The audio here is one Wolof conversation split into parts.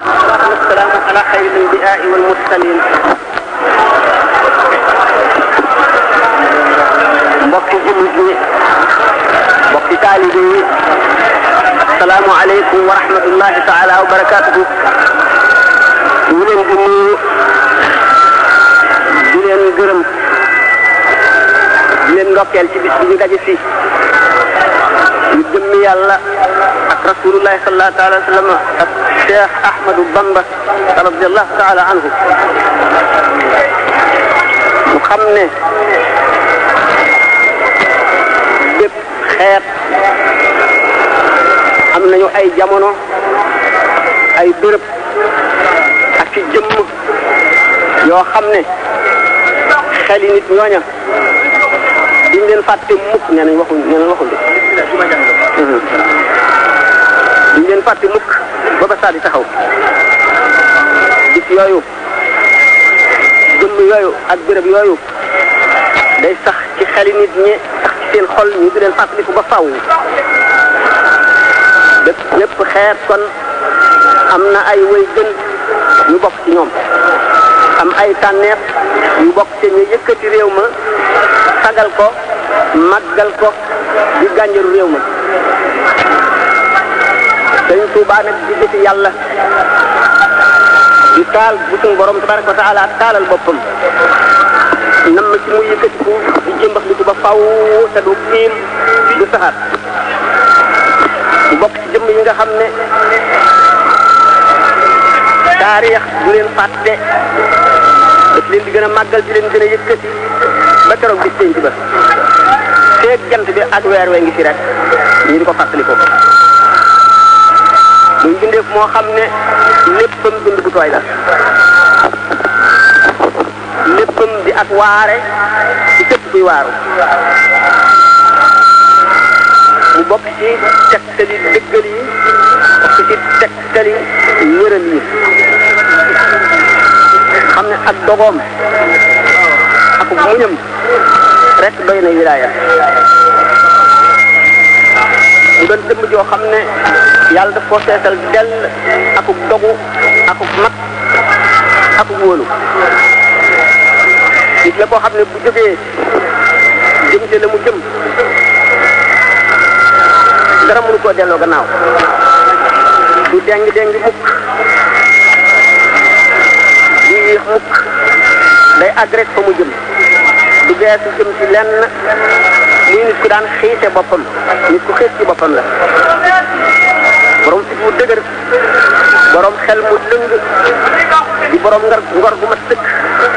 والصلاة والسلام على خير الأنبياء والمرسلين mbokki jullit yi mbokki taalibe yi asalaamu aleykum wa rahmatullahi taala wa barakaatuhu ñu leen di nuyu di leen gërëm di leen ndokkeel ci bis bi ñu daje fii ñu jëmmi yàlla ak rasulullahi sallallahu taala wa sallam Cheikh Ahmadou Bamba radiyallahu taala anhu mu xam ne bépp xeet am nañu ay jamono ay béréb ak ci jëmm yoo xam ne xel yi nit ñooña diñ leen fàtte mukk nee nañ waxuñ nee nañ duñ leen fàtte mukk ba ba saa taxaw bis yooyu gëmm yooyu ak béréb yooyu day sax ci xeli nit ñi sax ci seen xol ñu di leen fàttaliku ba faw bépp lépp xeet kon am na ay way gën ñu bokk ci ñoom am ay tànneef yu bokk ci ñu réew ma sagal ko màggal ko di gànjaru réew ma sëñ Tuubaa nag di yàlla di taal bu suñu borom tabaraka wa taalal boppam nam ci mu yëkkatiku di jëmbax li ba faw te du kiim du saxaat bokk ci jëmm yi nga xam ne taarix du leen fàtte daf leen di gën a màggal di leen gën a yëkkati ba keroog bis pénc ba feeg jant bi ak weer wee ngi fi rek ñu di ko fàttali ko muy bindeef moo xam ne léppam dund bu tooy la léppam di ak waare ci képp kuy waaru mu bokk ci tegtali dëggal yi bokk ci tegtali wéral yi xam ne ak dogoom ak muñam rek doy na wilaaya mu doon dëmm joo xam ne yàlla daf koo seetal dell akuk dogu akuk mat akuk wóolu nit la koo xam ne bu jógee jëm te la mu jëm dara mënu koo delloo gannaaw du deng deng mukk du mukk day àgg fa mu jëm du geesu jëm ci lenn lii nit ku daan xiise boppam nit ku xiis ci boppam la borom fit wu dëgër borom xel mu lëng di borom ngor gu mat sëkk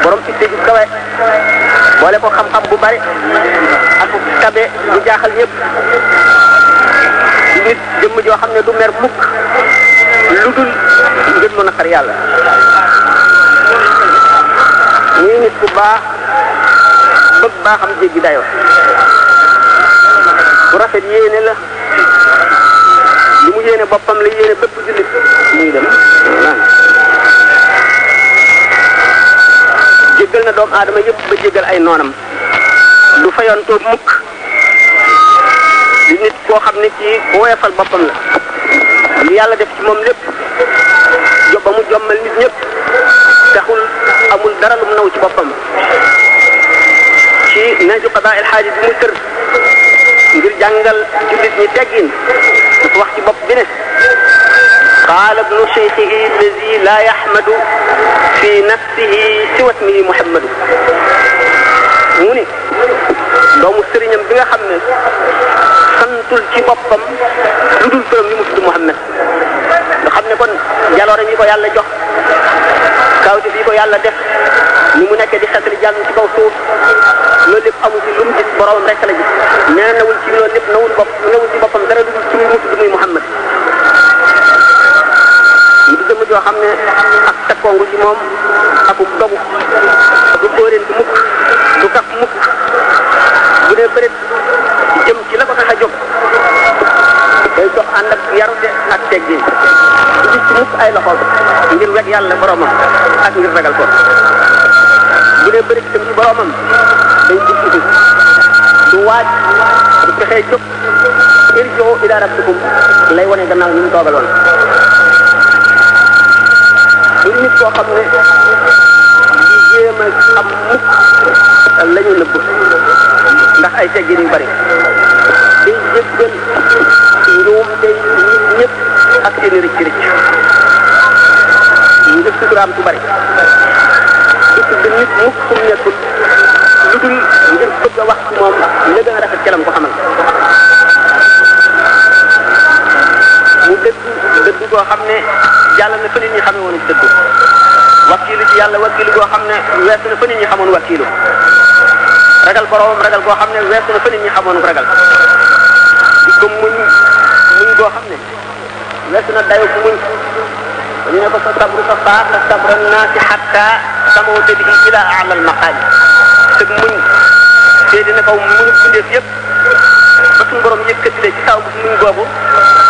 borom ci ju kawe boole ko xam-xam bu bari ak tabe bu jaaxal ñëpp di nit jëmm joo xam ne du mer mukk lu dul ngir naqar yàlla ñuy nit ku baax bëgg baaxam jéggi dayoo bu rafet yéene la li mu yéene boppam la yéene bépp jullit muy jéggal na doomu aadama yëpp ba jéggal ay noonam du fayantoo mukk di nit koo xam ne kii woyofal boppam la li yàlla def ci moom lépp jo ba mu jommal nit ñëpp taxul amul dara lu mu naw ci boppam ci naju qadaa il xaaji bi tër ngir jàngal jullit ñi teggin dafa wax ci bopp bi ne qaala ibnu cheikhihi allazi la yahmadu fi nafsihi siwatmihi muhammadu mu ni doomu sëriñam bi nga xam ne santul ci boppam lu dul turam li mu tudd Muhammad nga xam ne kon jaloore ñi ko yàlla jox kaawte fii ko yàlla def ni mu nekkee di xettali jàll ci kaw suuf loolu lépp amu ci lu mu gis boromam rek la gis nee nawul ci loolu lépp nawul bopp nawul ci boppam dara dugul ci mu tudd muy mu joo xam ne ak takkoongu ci moom ak dogu du óoréen du mukk du kaf mukk bu ne bëret jëm ci la ko tax a day dox ànd ak yarute ak teggin du gis ci mukk ay loxoom ngir weg yàlla boromam ak ngir ragal ko bu dee bëri itam ci boromam day jublu du waaj du fexee jóg lay wane gannaaw ñu mu toogaloon du nit koo xam ne di jéem a am mukk la nëbb ndax ay teggin yu bari day njuumte nit ñëpp ak seeni rëcc rëcc ngir suturaam su bari du tudd nit mukk fu mu nekkul lu dul ngir bëgg a wax ci moom la gën a rafet kelam ko xamal mu dëgg dëgg koo xam ne yàlla na fa nit ñi wakiilu ci yàlla wakiilu goo xam ne wees na fa nit ñi xamoon wakiilu ragal boroomam ragal goo xam ne wees na fa nit xamoon ragal goo na dayo ku muñ ñu ne ko sa sabru sa faax sa sabran naasi xatta samawta bihi ila ala al maqaali sëg muñ tee dina kaw muñu bindeef yëpp ba suñu borom yëkkati la ci taw bu muñ googu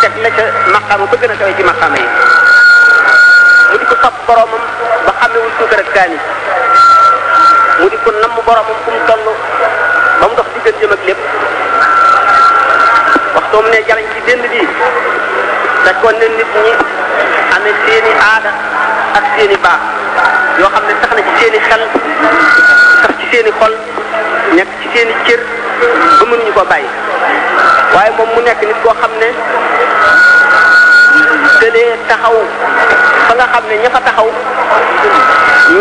teg la ca maqaama ba gën a kawe ci maqaama yi mu di ko sopp boromam ba xamewul suukar ak kaani mu di ko namm boromam fu mu toll ba mu dox diggante ak lépp soo mu ne jariñ ci dénd bi fekkoon ne nit ñi amee seeni aada ak seeni baax yoo xam ne sax na ci seeni xel sax ci seeni xol nekk ci seeni cër ba mënuñu ko bàyyi waaye moom mu nekk nit koo xam ne dëlee taxaw ba nga xam ne ña fa taxaw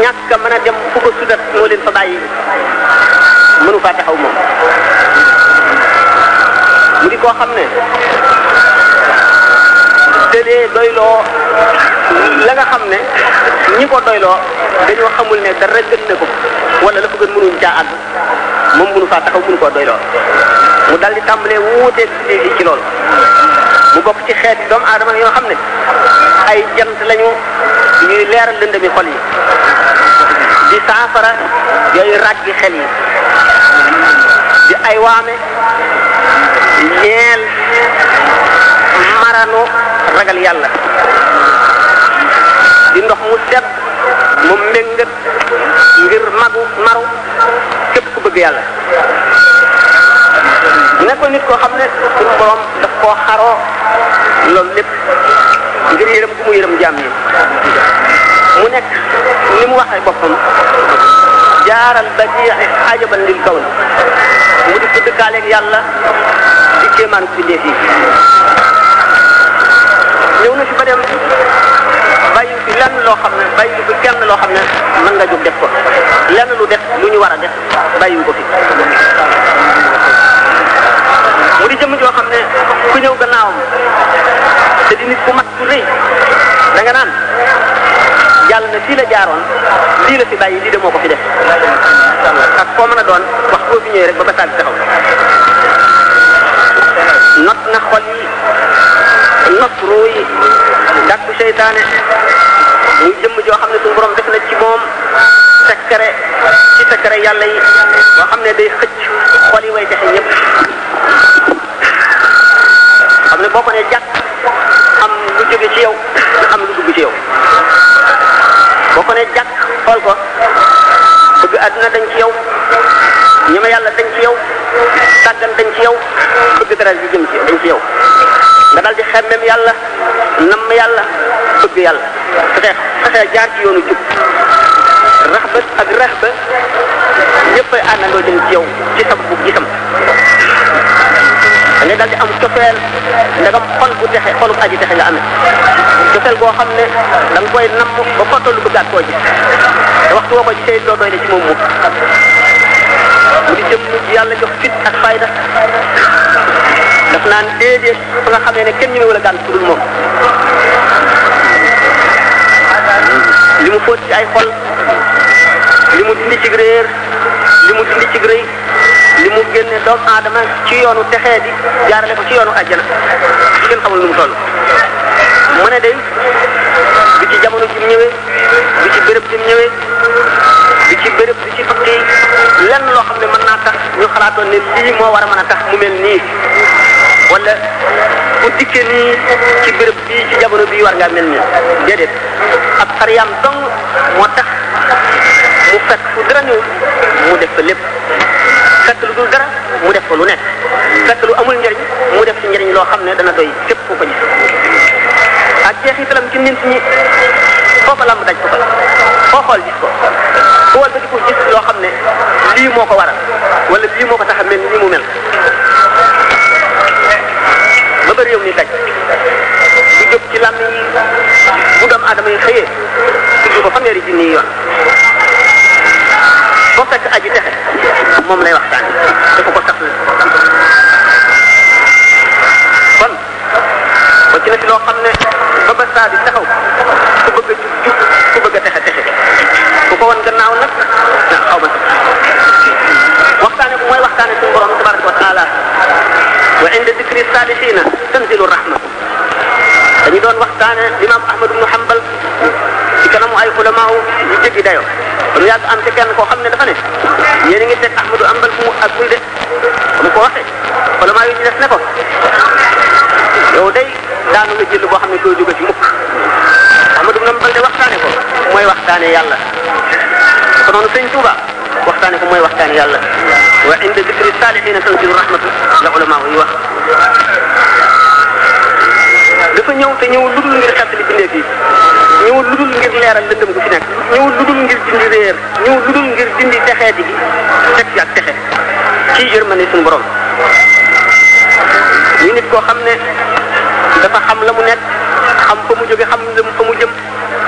ñàkk a mën a dem fu ko sudat moo leen fa bàyyi mënu faa taxaw moom mu di koo xam ne tëlee doyloo la nga xam ne ñi ko doyloo dañoo xamul ne dara gën na ko wala la ko gën mënuñ àgg moom mënu faa taxaw mënu koo doyloo mu dal di tàmbalee wuuteeg lii ci loolu mu bokk ci xeet doomu aadama yoo xam ne ay jant lañu ñuy leeral lëndëmi xol yi di saafara yooyu ràggi xel yi di ay waame ñeel maranu ragal yàlla di ndox mu sedd mu méngat ngir magu maru képp ku bëgg yàlla nekkul nit koo xam ne suñu borom daf koo xaroo loolu lépp ngir yërëm ku mu yërëm jaam yi mu nekk ni mu waxee boppam jaaral ba ci xaajaban lil kawn mu di ko dëkkaaleeg yàlla kéemaanu bindee fii ñëw na fi ba dem bàyyi fi lenn loo xam ne bàyyi fi kenn loo xam ne mën nga jóg def ko lenn lu def lu ñu war a def bàyyiwu ko fi mu di jëm joo xam ne ku ñëw gannaawam te di nit ku mat ku rëy da naan jàll na fii la jaaroon lii la fi bàyyi lii de moo ko fi def ak koo mën a doon wax boo fi ñëwee rek ba ba saa taxaw not na xol yi not ruu yi dàkku seytaane muy jëmm joo xam ne suñu def na ci moom secret ci secret yàlla yi xam ne day xëcc xol yi way jaxe xam ne boo ko ne jàkk am lu jóge ci yow am lu dugg ci yow boo ko ne ko bëgg àdduna dañ ci yow ñi yàlla dañ ci yow sàggan dañ ci yow bëgg dara ji jëm ci dañ ci yow nga daal di xemmem yàlla namm yàlla bëgg yàlla fexe fexe jaar ci yoonu jub raxba ak raxba ñëpp a àndandoo jëm ci yow ci sababu gisam da ngay di am cofeel ndagam xol bu texe xolub aji texe nga amee cofeel boo xam ne da koy namm ba fottolu bëggaat koo gis te waxtu woo ko gisee doo doy ne ci moom mukk jëmm yàlla jox fit ak fayda daf naan déedéet fu nga xamee ne kenn ñu ne wala gànn tudul moom li mu fóot ci ay xol li mu dindi ci réer li mu dindi ci rëy li mu génne doomu aadama ci yoonu texee di jaarale ko ci yoonu àjjana kenn xamul nu mu mu ne day bi ci jamono ji ñëwee bi ci béréb ji ñëwee di ci béréb di ci tukki lenn loo xam ne mën naa tax ñu xalaatoon ne lii moo war a mën a tax mu mel nii wala bu dikkee nii ci béréb bii ci jamono bii war ngaa mel nii déedéet ak xariyaam dong moo tax mu fekk fu dara ñëw mu def ko lépp fekk lu dul def ko lu nekk fekk lu amul njëriñ mu def ci njëriñ loo xam ne dana doy képp ku ko gis ak jeexitalam ci nit ñi foo ko lamb daj ko fa foo xool gis ko ku wal ba di ko loo xam ne lii moo ko waral wala lii moo ko tax a mel nii mu mel ba bëri yow ni daj di jóg ci làmm yi bu aadama yi xëyee tudd ko fanweeri junni yi yoon ba fekk aji texe moom lay waxtaan dafa ko tax kon ba ci na loo xam ne bu ko woon gannaaw nag ndax xaw ma waxtaane bu mooy waxtaane suñu borom tabaraka wa taala wa inda dikri salihina tanzilu rahma dañu doon waxtaane imam ahmad ibnu hanbal ci kanamu ay ulamaaw yu jéggi dayo kon yàgg am ci kenn koo xam ne dafa ne yéen a ngi teg ahmadu ambal fu mu àggul de comme ko waxee ulamaaw yi ci des ne ko yow day daanu la jël boo xam ne doo jóge ci mukk ahmadu ibnu ambal de waxtaane ko mooy waxtaane yàlla noonu sëñ Touba waxtaane ko mooy waxtaan yàlla wa inda dikri saalihiina tanzilu rahmatu la ulama yi wax dafa ñëw te ñëw ludul ngir xettali bindee bi ñëw ludul ngir leeral lëndëm gu fi nekk ñëw ludul ngir dindi réer ñëw ludul ngir dindi texee bi teg ci ak texe ci yërmande suñu borom ñu nit koo xam ne dafa xam la mu nekk xam fa mu jóge xam la fa mu jëm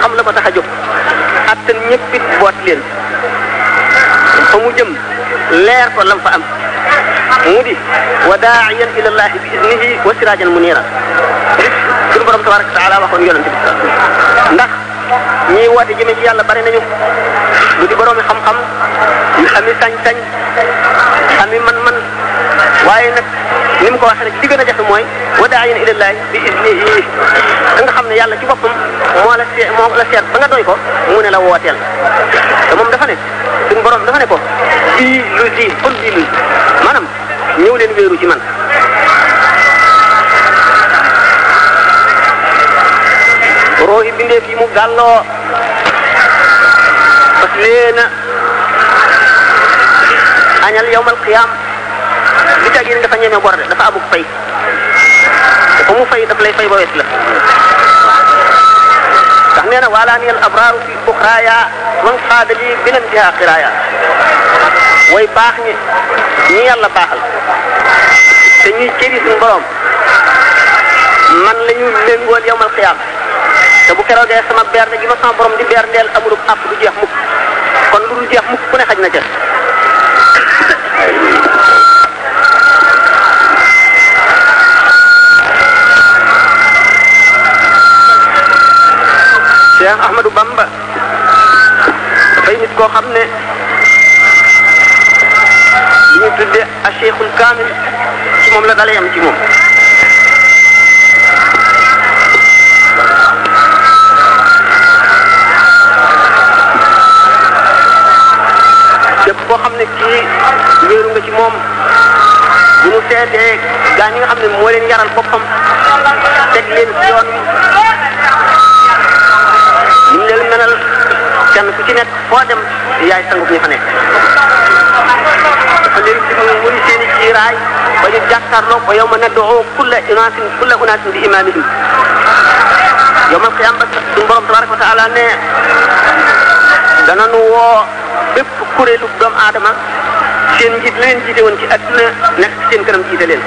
xam la ko tax a jóg itam ñëpp boot leen fa mu jëm leer ko lam fa am mu di wa daa'iyan ila llahi bi idnihi wa siraajan muniira suñu borom tabaraka wa taala waxoon yonent bi ndax ñiy woote jëme ci yàlla bari nañu lu di boroomi xam-xam yu xami sañ-sañ xami man-man waaye nag ni mu ko waxee rek li gën a jafe mooy wa daayin ilallahi bi isnihi da nga xam ne yàlla ci boppam moo la moo la seet ba nga doy ko mu ne la wooteel te moom dafa ne suñu borom dafa ne ko bii ci man roohi bindee fii mu gàlloo parce que añal yowmal qiyaam du caa génn dafa ñeme bor dafa abuk fay te fa mu fay daf lay fay ba wet la ndax nee na waalaani al abraaru fi uxraaya man xaada lii binan biha xiraaya way baax ñi ñi yàlla baaxal te ñuy cëri suñu borom man lañu ñu méngool yowmal xiyaam te bu keroogee sama bernde gi ma sama borom di berndeel amulub àpp du jeex mukk kon lu dul jeex mukk ku ne xaj na ca Cheikh Ahmadou Bamba dafay nit koo xam ne li ñu tuddee a Cheikhul Kaamil ci moom la dala yam ci moom képp koo xam ne kii wéeru ci moom bu mu seetee gaa xam ne moo leen yaral boppam teg leen yoon leen melal kenn ku ci nekk foo dem yaay sangub ñi fa nekk dafa leen digal muy seen i jiiraay ba ñu jàkkaarloo ba yow ma ne doo kulla unaasin kulla unaasin dana nu woo bépp kuréelu doomu aadama seen njiit la leen jiite woon ci àdduna nekk seen kanam jiite leen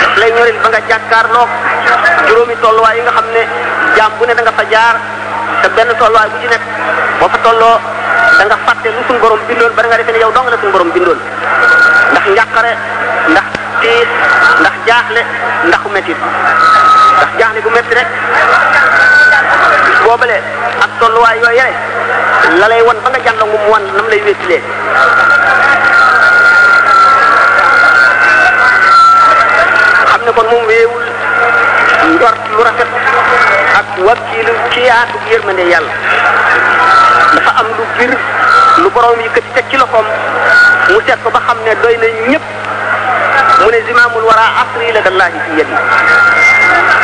daf lay ñoril ba nga jàkkaarloo juróomi tolluwaay nga xam ne jaam bu ne da nga fa jaar te benn tolluwaay bu ci nekk boo fa tolloo da nga fàtte lu suñ borom bindoon ba da nga defee ne yow dong la suñ borom bindoon ndax njàqare ndax tiis ndax jaaxle ndax métit ndax jaaxle bu métti rek boobale ak tolluwaay yooyu yële la lay wan ba nga jàll mu wan nam lay wéttilee xam ne kon moom wéewul njort lu rafet wakkiilu ci yaatu yërmande yàlla dafa am lu bir lu borom yi këti teg ci loxoom mu seet ko ba xam ne doy na ñëpp mu ne zimaamul wara asri la dallahi fi yadi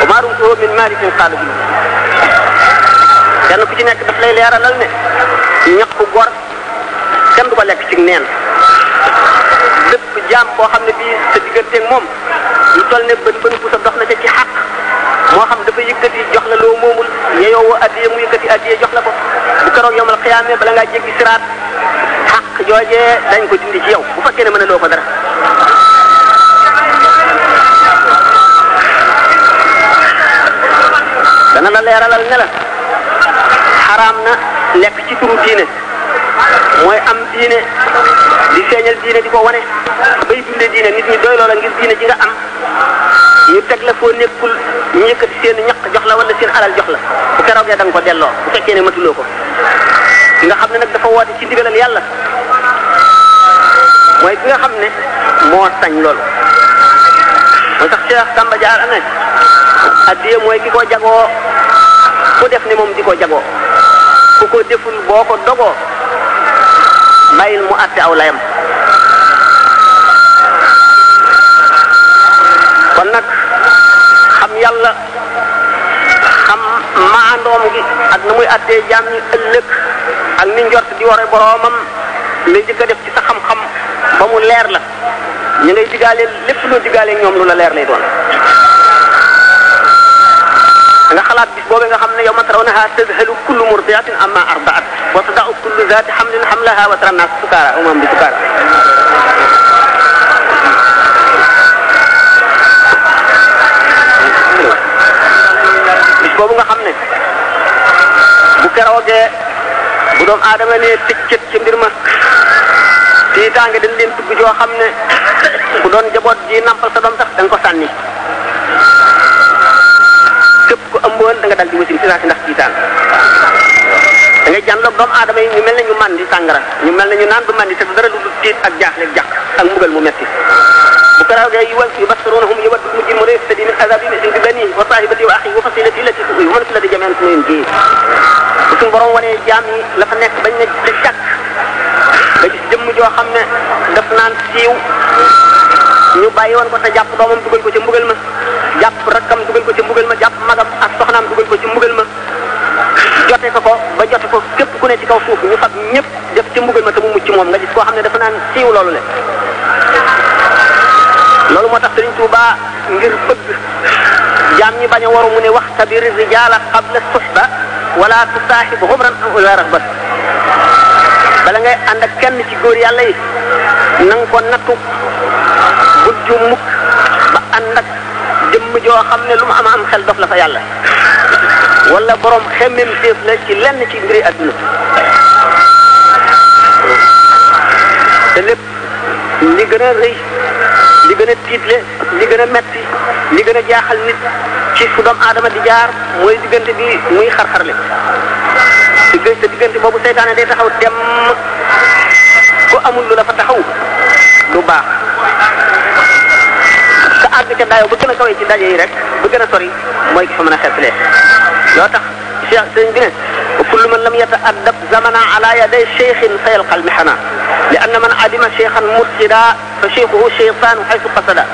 wa maa rumtuhu min malikin qaala bi kenn ku ci nekk daf lay leeralal ne ñaq bu gor kenn du ko lekk ci neen lépp jaam boo xam ne bii sa digganteeg moom lu toll ne bën bën bu sa dox na ca ci xàq moo xam dafa yëkkati jox la loo moomul yeyoo woo addiye mu yëkkati addiye jox la ko bu keroog yomal xiyaamee bala ngaa jéggi siraat xaq joojee dañ ko dindi ci yow bu fekkee ne mën a loo ko dara dana la leeralal ne la xaraam na lekk ci turu diine mooy am diine di feeñal diine di ko wane bay dundee diine nit ñi doy loola ngir diine ji nga am ñu teg la foo nekkul ñu yëkkati seen ñaq jox la wala seen alal jox la bu keroogee da ko delloo bu fekkee ne matuloo ko nga xam ne nag dafa woote ci ndigalal yàlla mooy ki nga xam ne moo lool loolu mooy tax Cheikh Samba Diar am na addiye def ni moom di ko jagoo ku ko deful boo ko dogoo bàyyil mu àtte aw layam kon nag yàlla xam maandoom gi ak nu muy àttee jaam ñi ëllëg ak ni di ware boroomam lay jëkk def ci sa xam-xam ba mu leer la ñu ngay digaalee lépp loo digaalee ñoom lu la leer lay doon nga xalaat bis boobu nga xam ne yow ma tarawnaha tadhalu kullu murdiatin amma ardaat wa tadau kullu zaati hamlin hamlaha wa tara naas sukaara umam bi sukaara boobu nga xam ne bu keroogee bu doom aadama nee tëccët ci mbir ma tiitaange dañ leen tugg xam ne ku doon jaboot ji nampal sa doom sax da ko sànni képp ku ëmboon da nga dal di wasin ci saa si ndax tiitaan ngay jànloog doomu aadama yi ñu mel ne màndi sàngara ñu mel ne naan bu màndi te dara lu dul tiit ak jaaxle jàq ak mbugal mu metti bu karaawgee yi wal si basirunahum yawaddu mujrim raytadi min azabi misin bi bani wa sahibati wa akhi wa fasilati lati tuwi wa mansilati jameen suñuyen jii bu suñu borom wanee jaam yi la fa nekk bañ ne di jàkk ba gis jëmm joo xam ne daf naan siiw ñu bàyyi woon ko te jàpp doomam dugal ko ci mbugal ma jàpp rakkam dugal ko ci mbugal ma jàpp magam ak soxnaam dugal ko ci mbugal moom nga gis koo xam ne dafa naan siiw loolu le loolu moo tax Sëriñ Tuuba ngir bëgg jaam ñi bañ a waru mu ne wax tabir rijaala qabla suhba wala tusaaxib xumran wala rahbat bala ngay ànd ak kenn ci góor yàlla yi na nga ko nattu bul mukk ba ànd ak jëmm xam ne lu mu am am xel dof la fa yàlla wala borom xemmem téef la ci lenn ci mbiri adduna li gën a rëy li gën a tiitle li gën a metti li gën a jaaxal nit ci fu doomu aadama di jaar mooy diggante bi muy xar-xarle diggante diggante boobu seytaane day taxaw dem ku amul lu la fa taxaw lu baax ka àgg ca daayoo ba gën a kawee ci daje yi rek ba gën a sori mooy ki fa mën a xeetlee loo tax cheikh sëriñ bi ne wa kullu man lam yata addab zamana ala yaday cheikhin fa yalqal mihana li anna man adima cheikhan mursida fa cheikhuhu cheytaanu xaytu qasada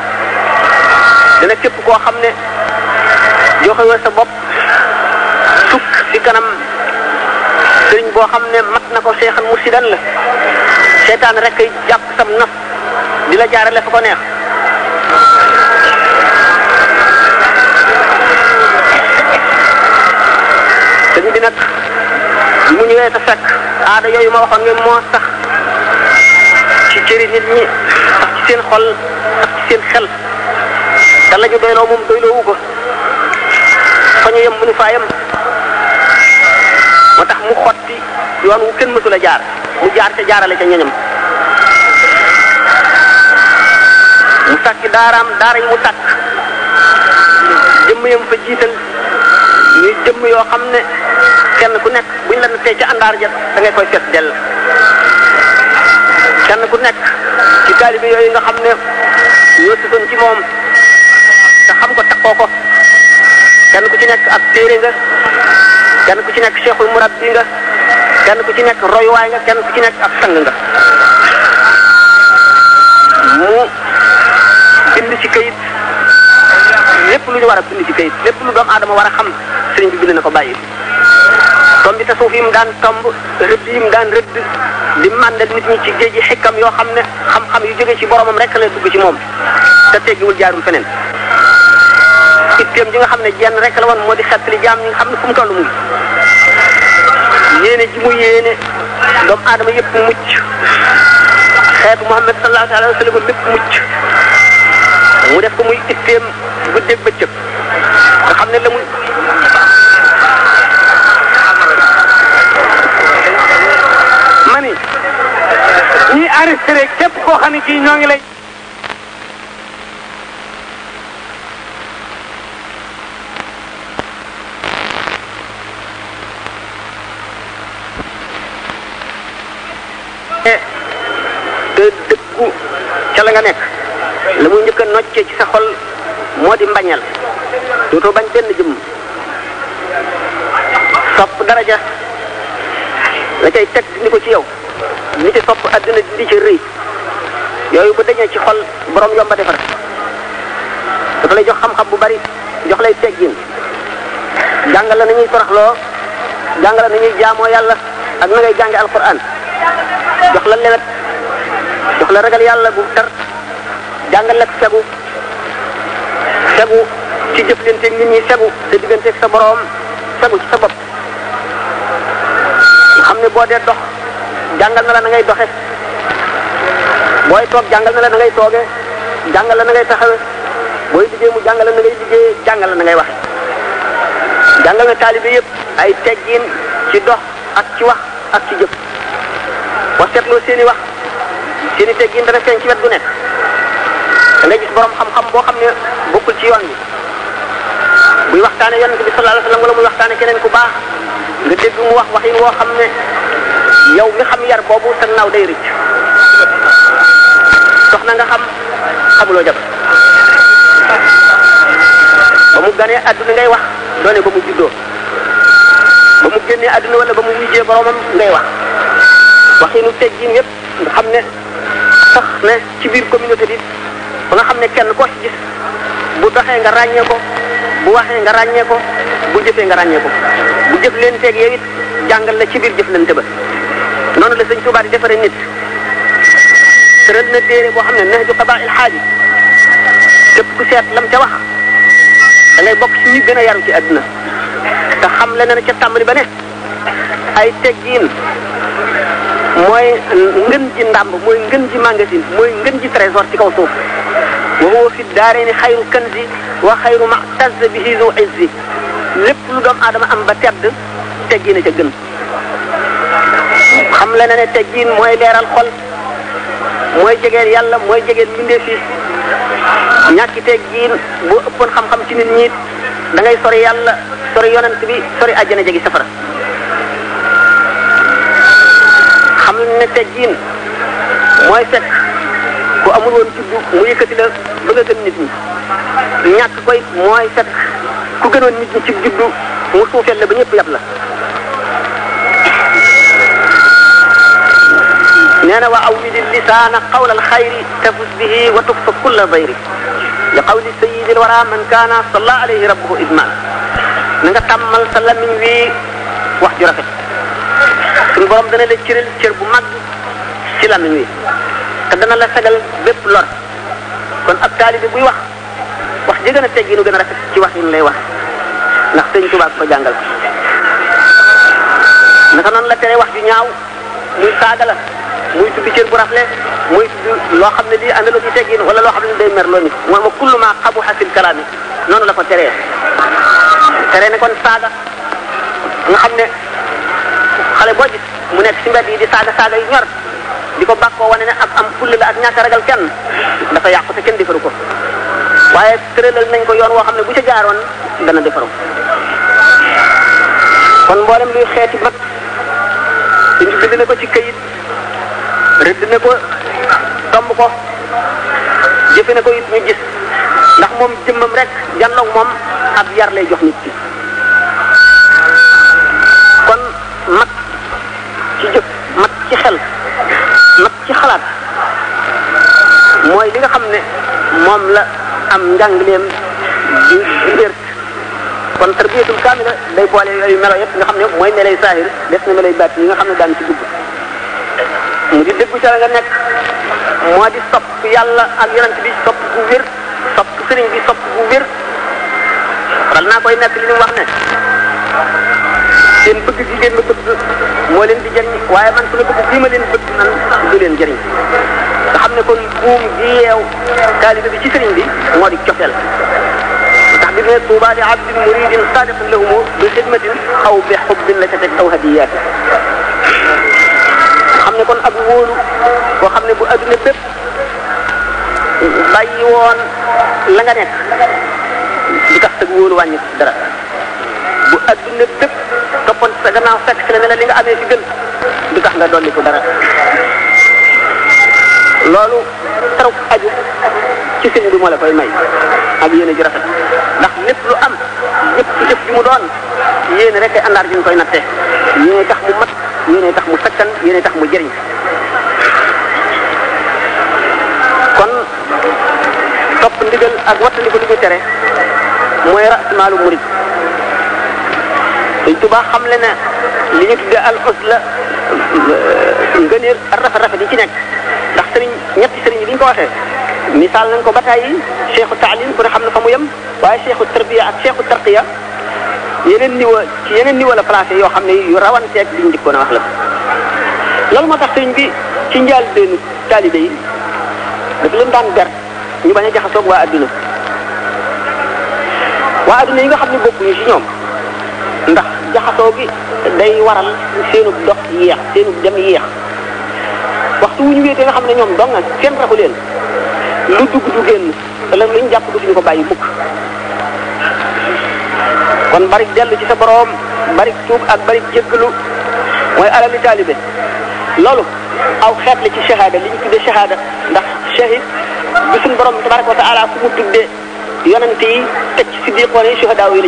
dana képp koo xam ne joxe woo sa bopp sukk ci kanam sëriñ boo xam ne mat na ko cheikhan mursidan la cheytaan rek ay jàpp sam nas di la jaarale fa ko neex sëriñ bi nag mu ñëwee te fekk aada yooyu ma waxoon ne moo sax ci cëri nit ñi ak ci seen xol ak ci seen xel te la ñu doyloo moom doyloowu ko fa ñu yem mu ñu faa yem moo tax mu xotti yoon wu kenn mësula jaar mu jaar ca jaarale ca ñoñam mu sàkki daaraam daara yi mu sàkk jëmm yam fa jiital ñuy jëmm yoo xam ne kenn ku nekk buñ la nattee ca àndaar ja da ngay koy fees dell kenn ku nekk ci taalibe yooyu nga xam ne ñoo tutoon ci moom te xam ko takkoo ko kenn ku ci nekk ab téere nga kenn ku ci nekk cheikhul murabbi nga kenn ku ci nekk royuwaay nga kenn ku ci nekk ab sang nga mu bind ci kayit lépp lu ñu war a bind ci kayit lépp lu doomu aadama war a xam sëriñ bi bind na ko bàyyi tomb bi te suuf yi mu daan tomb rëdd yi mu daan rëdd di màndal nit ñi ci géej gi yoo xam ne xam-xam yu jóge ci boromam rekk la dugg ci moom te teggiwul jaarul feneen itteem ji nga xam ne jenn rek la woon moo di xettali jaam ñi nga xam ne fu mu toll muy yéene ji mu yéene doomu aadama yëpp mucc xeetu Muhammad lépp mucc mu def ko muy itteem guddeeg bëccëg nga xam ne la muy ñuy enregistré képp koo xam ne ñoo ngi lay. te dëkku ca la nga nekk la muy njëkk a noccee ci sa xol moo di mbañal dootoo bañ benn jëmm sopp daraja la cay teg ni ko ci yow. li ci topp àdduna di ci rëy yooyu bu dañee ci xol borom yomba defar dafa lay jox xam-xam bu bari jox lay teggin jàngal la na ñuy toraxloo jàngal la na ñuy jaamoo yàlla ak na ngay jànge alquran jox la lewet jox la ragal yàlla bu tar jàngal la segu segu ci jëflanteeg nit ñuy segu sa digganteeg sa borom segu ci sa bopp xam ne boo dee dox jàngal na la na ngay doxe booy toog jàngal na la na ngay toogee jàngal la na ngay taxawe booy liggéey mu jàngal na ngay liggéeyee jàngal la na ngay waxe jàngal na taalibe yëpp ay teggin ci dox ak ci wax ak ci jëf boo seetloo seen wax seen i dana feeñ ci wet gu nekk da ngay gis borom xam-xam boo xam ne bokkul ci yoon bi buy waxtaane yonent bi sallallahu alayhi wasallam wala muy waxtaane keneen ku baax nga dégg mu wax waxin woo xam ne yow mi xam yar boobu sa naaw day rëcc soxna nga xam xamuloo jàpp ba mu ganee àdduna ngay wax doone ba mu juddoo ba mu génnee àdduna wala ba mu wujjee boromam ngay wax waxinu teg yi yëpp nga xam ne sax ci biir communauté bi ba nga xam ne kenn koo bu doxee nga ràññee ko bu waxee nga ràññee ko bu jëfee nga ràññee ko bu jëf leen teeg yow jàngal la ci biir jëf leen te noonu la sëñ Tuubaa di defaree nit tëral na téere boo xam ne Nahju Qadaa'il Haaji képp ku seet lam ca wax da bokk ci ñi gën a yaru ci àdduna te xam la ne ca tàmbali ba ay teggiin mooy ngën ji ndàmb mooy ngën ji magasin mooy ngën ji trésor ci kaw suuf wa huwa fi daarayni xayru kanzi wa xayru ma bi bihi zu izzi lépp lu doomu aadama am ba tedd teggi na ca gën xam le na ne teggin mooy leeral xol mooy jegeel yàlla mooy jegeel mbindeef yi ñàkki teggin boo ëppoon xam-xam ci nit ñi dangay ngay sori yàlla sori yonent bi sori àjjana jegi safara xam ne teggin mooy fekk ku amul woon juddu mu yëkkati la bëgg a gën nit ñi ñàkk koy mooy fekk ku gënoon nit ñi ci juddu mu suufeel la ba ñëpp yab la nee na wa awwidi lisaana qawla alxayri tafus bihi wa tukfa kulla dayri li qawli sayidil wara man kaana salla alayhi rabbuhu idman na nga tàmmal sa lamiñ wi wax ju rafet suñu borom dana la cëral cër bu mag ci lamiñ wi te dana la sagal bépp lor kon ab taalibi buy wax wax ji gën a tegginu gën a rafet ci wax yi lay wax ndax sëñ Tuubaa jàngal naka la tere wax ju ñaaw muy saaga muy tudd cër bu rafet muy tudd loo xam ne lii ànd la ci teggin wala loo xam ne day mer loo nit mooy ma kullu ma xabu xasil kalaami noonu la ko teree teree ne kon saaga nga xam ne xale boo mu nekk ci mbedd yi di saaga saaga yu ñor di ko bàkkoo wane ne ak am fulla ak ñàkk a ragal kenn dafa yàqu te kenn defaru ko waaye tëralal nañ ko yoon woo xam ne bu ca jaaroon dana defaru kon mboolem luy xeeti mag suñ ko ci kayit rëdd na ko tomb ko jëfe na ko it ñu gis ndax moom jëmmam rek jànnoog moom ab yar lay jox nit kon mat ci jëf mat ci xel mat ci xalaat mooy li nga xam ne moom la am njàngleem di di leer kon tarbiyatul kaamila day boole yooyu melo yëpp nga xam ne mooy melay saahir des na melay yi nga xam ne daan ci dugg mu di dëggu ca la nga nekk moo di sopp yàlla ak yonent bi sopp gu wér bi sopp gu ral naa koy nekk li mu wax ne gi ngeen ma bëgg moo leen di jëriñ waaye man sama bëgg gii ma leen bëgg nan du leen jëriñ nga kon buum gi yeew taalibe bi ci sëriñ bi moo di cofeel ndax bi ne tuuba li abdin muridin sadiqin lahumu bi xidmatin aw bi xubbin la ca teg aw hadiyaati ne kon ak wóolu boo xam ne bu adduna bépp bàyyi woon la nga tax sag wóolu wàññi dara bu adduna bépp toppoon sa gannaaw fekk si la ne la li nga amee fi gën du tax nga dolli ko dara loolu taruk aju ci sëñ bi moo la koy may ak yéene ji rafet ndax lépp lu am lépp ci jëf ji mu doon yéene rek ay àndaar ji ñu koy natte yéene tax mu mat yéenay tax mu sakkan yéenay tax mu jëriñ kon topp ndigal ak wattandi ko tere mooy rasmaalu murid Sëñ Tuubaa xam le ne li ñu tudde al usla ngëneer ak rafet rafet yi ci nekk ndax sëriñ ñetti sëriñ bi ñu ko waxee misaal na ko bataay yi cheikhu taalim ku xam na fa mu yem waaye cheikhu tarbiya ak cheikhu tarqiya yeneen niveau yeneen niveau la placé yoo xam ne yu rawanteeg liñ njëkkoon a wax la loolu moo tax sëñ bi ci njaal benn taalibe yi daf leen daan ber ñu bañ a jaxasoog waa adduna waa adduna yi nga xam ne bokkuñu ci ñoom ndax jaxasoo gi day waral seenub dox yéex seenub dem yéex waxtu wu ñu wéetee nga xam ne ñoom dong na kenn raxu leen lu dugg du génn lan lañ jàpp du ñu ko bàyyi mukk kon bari dellu ci sa boroom bari tuub ak bari jéggalu mooy alali taalibe loolu aw xeet la ci shahada li ñu tuddee shahada ndax shahid bi suñu borom tabaraka wa taala ku mu ci siddiqoon yi shuhadaa yi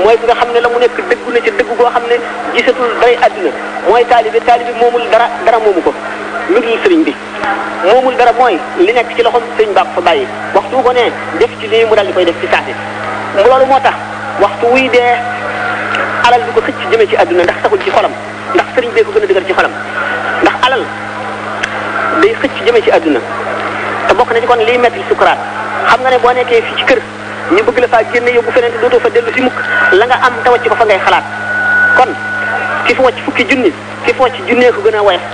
nga xam ne la mu nekk dëggu na ci dëgg xam ne gisatul daray àdduna mooy taalibe taalibe moomul dara dara moomu ko lu bi moomul dara mooy li nekk ci loxoom sëriñ Ba fa bàyyi waxtu ko ne def ci lii mu dal koy def ci saasi loolu moo tax waxtu wuy dee alal bi ko xëcc jëmee ci àdduna ndax saxul ci xolam ndax sëriñ bee ko gën a dëgër ci xolam ndax alal day xëcc jëmee ci àdduna te bokk nañ kon liy metti sukuraat xam nga ne boo nekkee fii ci kër ñu bëgg la faa génne yóbbu feneen te dootoo fa dellu si mukk la nga am te wàcc ko fa ngay xalaat kon ki fa wàcc fukki junni ki fa wàcc junnee ko gën a woyof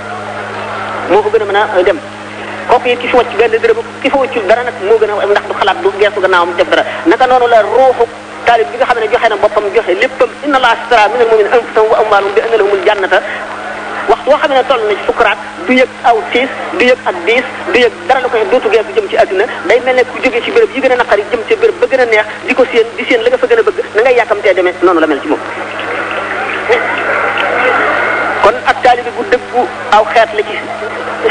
moo ko gën a mën a dem kooku it ki fi wàcc benn dërëm ki fa wàcc dara nag moo gën a ndax du xalaat du geesu gannaawam def dara naka noonu la ruuxu taalib bi nga xam ne joxe na boppam joxe léppam inna laa astara minal mu'minina anfusahum wa amwaalahum bi anna lahumul jannata waxtu boo xam ne toll na ci sukuraat du yëg aw siis du yëg ak diis du yëg dara la ko dootu geesu jëm ci àdduna day mel ne ku jógee ci béréb yi gën a naqari jëm ci béréb ba gën a neex di ko séen di séen la nga fa gën a bëgg na ngay yàkkamtee demee noonu la mel ci moom kon ak taalibi bu dëggu aw xeet la ci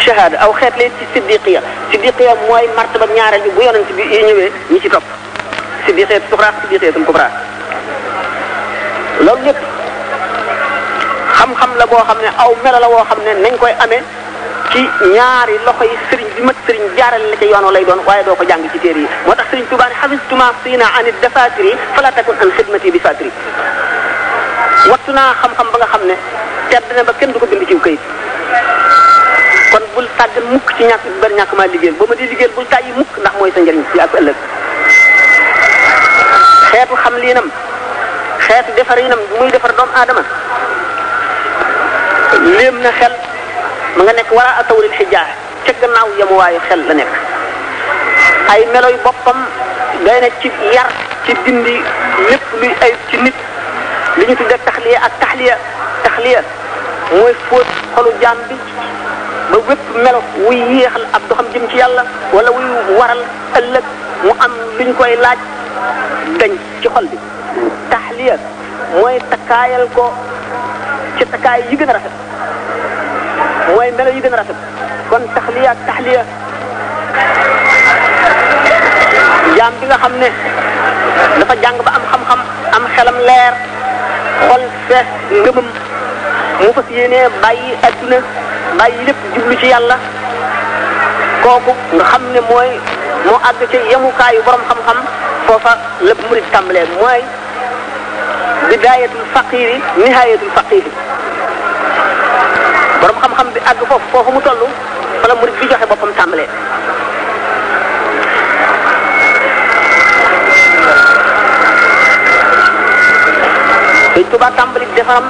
shahada aw xeet leen ci siddiqiya siddiqiya mooy martaba ñaareel bi bu yonent bi ñëwee ñi ci topp siddiqiyatu suxra siddiqiyatul kubra loolu lépp xam-xam la boo xam ne aw melo la woo xam ne nañ koy ame ci ñaari loxo yi sëriñ bi mat sëriñ jaarale la ca yoonoo lay doon waaye doo ko jàng ci téere yi moo tax sëriñ Tuubaa ne xafistuma siina anit dafaatiri yi fala takun an xidmati bi faatiri wattu naa xam-xam ba nga xam ne tert na ba kenn du ko bind ci këyit bul tàggal mukk ci ñàkk bari ñàkk maa liggéeyal ba ma di liggéeyal bul tàyyi mukk ndax mooy sa njëriñ ci ak ëllëg xeetu xam liinam xeetu defar yinam muy defar doomu aadama léem na xel ma nga nekk wara atawlil xijaa naaw gannaaw yamuwaayu xel la nekk ay melo yu boppam day na ci yar ci dindi lépp luy ayib ci nit li ñu tuddee taxliya ak taxliya taxliya mooy fóot xolu jaam bi ba wépp melo wuy yéexal ab doxam jëm ci yàlla wala wuy waral ëllëg mu am luñ koy laaj dañ ci xol bi taxliya mooy takkaayal ko ci takkaay yi gën a rafet mooy melo yi gën a rafet kon taxliya ak taxliya jaam bi nga xam ne dafa jàng ba am xam-xam am xelam leer xol fees ngëmam mu fas yéenee bàyyi adduna bàyyi lépp jublu ci yàlla kooku nga xam ne mooy moo àgg ci yemukaayu borom xam-xam foofa lépp murid tàmbalee mooy bidaayatul faqiri nihaayatul faqiri borom xam-xam bi àgg foofu foofu mu toll fa la murid bi joxe boppam tàmbalee Sëñ Tuubaa tàmbali defaram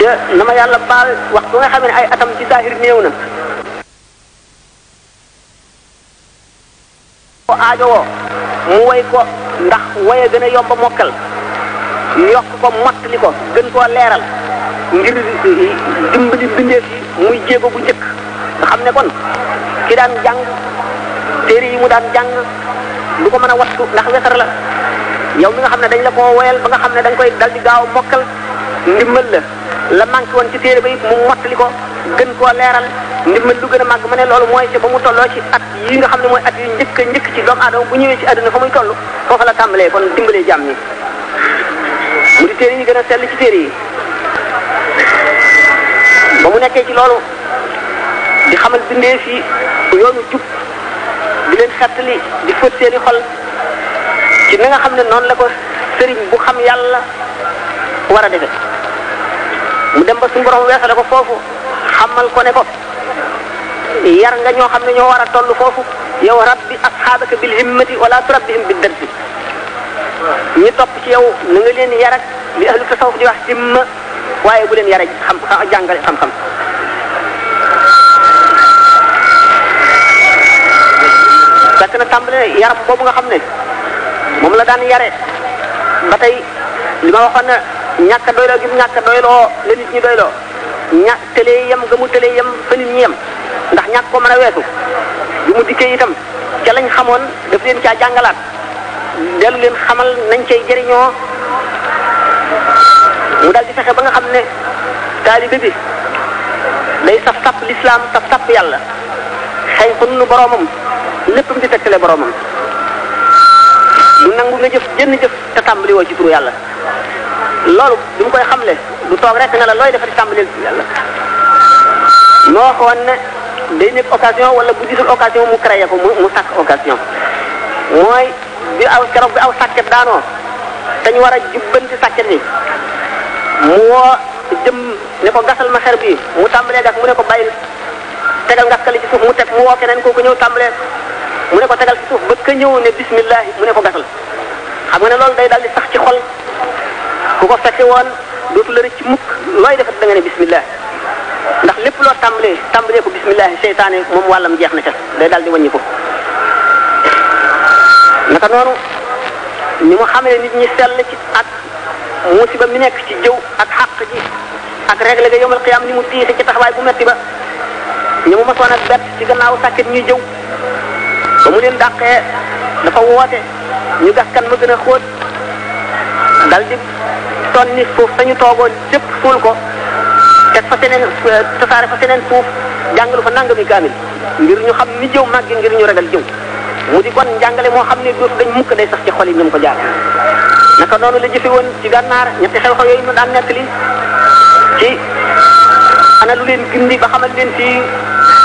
ca na ma yàlla baal wax ba nga xam ne ay atam ci saahir néew na. ko wo mu way ko ndax waye gën a yomb a mokkal yokk ko mottali ko gën koo leeral ngir dimbali bindeef yi muy jéego bu njëkk xam ne kon ki daan jàng téere yi mu daan jàng du ko mën a wattu ndax wesar la yow nga xam ne dañ la koo woyal ba nga xam ne dañ koy dal di gaaw mokkal ndimbal la la manqué woon ci téere ba it mu mottali ko gën koo leeral ndimbal lu gën a màgg ma ne loolu mooy ba mu tolloo ci at yi nga xam ne mooy at yu njëkk a njëkk ci doomu aadama bu ñëwee ci àdduna fa muy toll foofa la tàmbalee kon dimbalee jàmm ñi mu di téere yi gën a sell ci téere yi ba mu nekkee ci loolu di xamal bindee fii yoonu jub di leen xettali di fët seeni xol ci nanga xam ne noonu la ko sëriñ bu xam yàlla war a defe mu dem ba suñu borom ko foofu xamal ko ne ko yar nga ñoo xam ne ñoo war a toll foofu yow rabbi asxaabaka bil himmati wala turabbihim bi darsi ñi topp ci yow na nga leen yar ak li ahlu tasawuf di wax simma waaye bu leen yar xam jàngale xam-xam fekk na tàmbale yaram boobu nga xam ne moom la daan yare ba tey li ma waxoon ne ñàkk a doyloo gi mu ñàkk a doyloo la nit ñi doyloo ña tëlee yem nga mu tëlee yem fa ñi yem ndax ñàkk ko mën a weesu bi mu dikkee itam ca lañ xamoon def leen caa jàngalaat dellu leen xamal nañ cay jëriñoo mu dal di fexe ba nga xam ne taalibe bi day saf sàpp lislaam saf sàpp yàlla xëy xun nu boroomam lépp mu di tegtale boroomam du nangu nga jëf jënn jëf te tàmbali woo ci turu yàlla loolu bi mu koy xamle lu toog rek ne la looy defati tàmbaleel yàlla noo ko ne day nekk occasion wala bu gisul occasion mu créé ko mu mu sàkk occasion mooy bi aw keroog bi aw sàkket daanoo te ñu war a jubbanti sàkket bi mu woo jëm ne ko gasal ma xer bii mu tàmbalee gas mu ne ko bàyyil tegal ngas kali ci mu teg mu woo keneen kooku ñëw tàmbalee mu ne ko tegal ci ka ñëw ne bismillahi mu ne ko gasal xam nga ne loolu day daal di sax ci xol ku ko fekke woon dootu la ci mukk looy defat da nga ne bismillah ndax lépp loo tàmbalee tàmbalee ko bismillah seytaane moom wàllam jeex na ca day daal di wàññi ko naka noonu ni mu xamee nit ñi sell ci ak musiba mi nekk ci jëw ak xàq ji ak réglé ga yomal xiyaam ni mu tiise ci taxawaay bu metti ba ñi mu masoon ak bett ci gannaaw sàkket ñuy jëw ba mu leen dàqee dafa woote ñu gas kan ma gën a xóot dal ton ni suuf sañu toogoon lépp suul ko teg fa seneen euh, tasaare fa seneen suuf jàngalu fa nangami kaamil ngir ñu xam ni jëw màggi ngir ñu ragal jëw mu di kon jàngale moo xam ni dootu dañ mukk day sax ci xol yi ñu ko jaar naka noonu la jëfe woon ci gànnaar ñetti xew-xew yooyu ñu daan nettali ci ana lu leen gindi ba xamal leen ci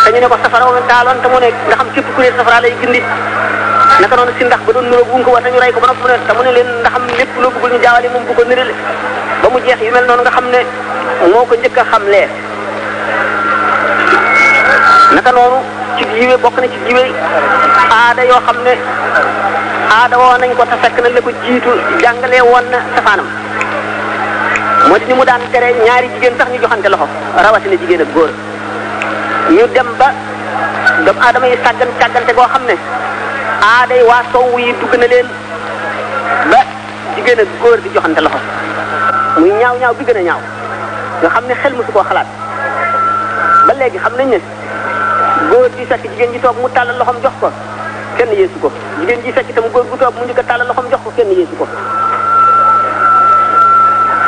dañu ne ko safara woon taaloon te mu ne nga xam képp ku ne safara lay gindi naka noonu si ndax ba doon nuróog bu ko wata ñu rey ko ba noppi mu ne te mu ne leen ndaxam lépp loo bëggul ñu jaawale moom bu mu jeex yu mel noonu nga xam ne moo ko njëkk a xamlee naka noonu ci xam ne aada woon nañ ko te fekk na la ko jiitu mu daan tere ñaari jigéen tax ñu joxante loxo rawatina jigéen ak góor ñu dem ba doomu aadama yi sàggan sàggante goo xam ne aaday waa sow yi dugg na leen ba jigéen ak góor di joxante loxo muy ñaaw ñaaw bi gën a ñaaw nga xam ne xel mësu ko xalaat ba léegi xam nañ ne góor ji fekk jigéen ji toog mu tàllal loxoom jox ko kenn yeesu ko jigéen ji fekk itam góor gu toog mu njëkk a tàllal loxoom jox ko kenn yeesu ko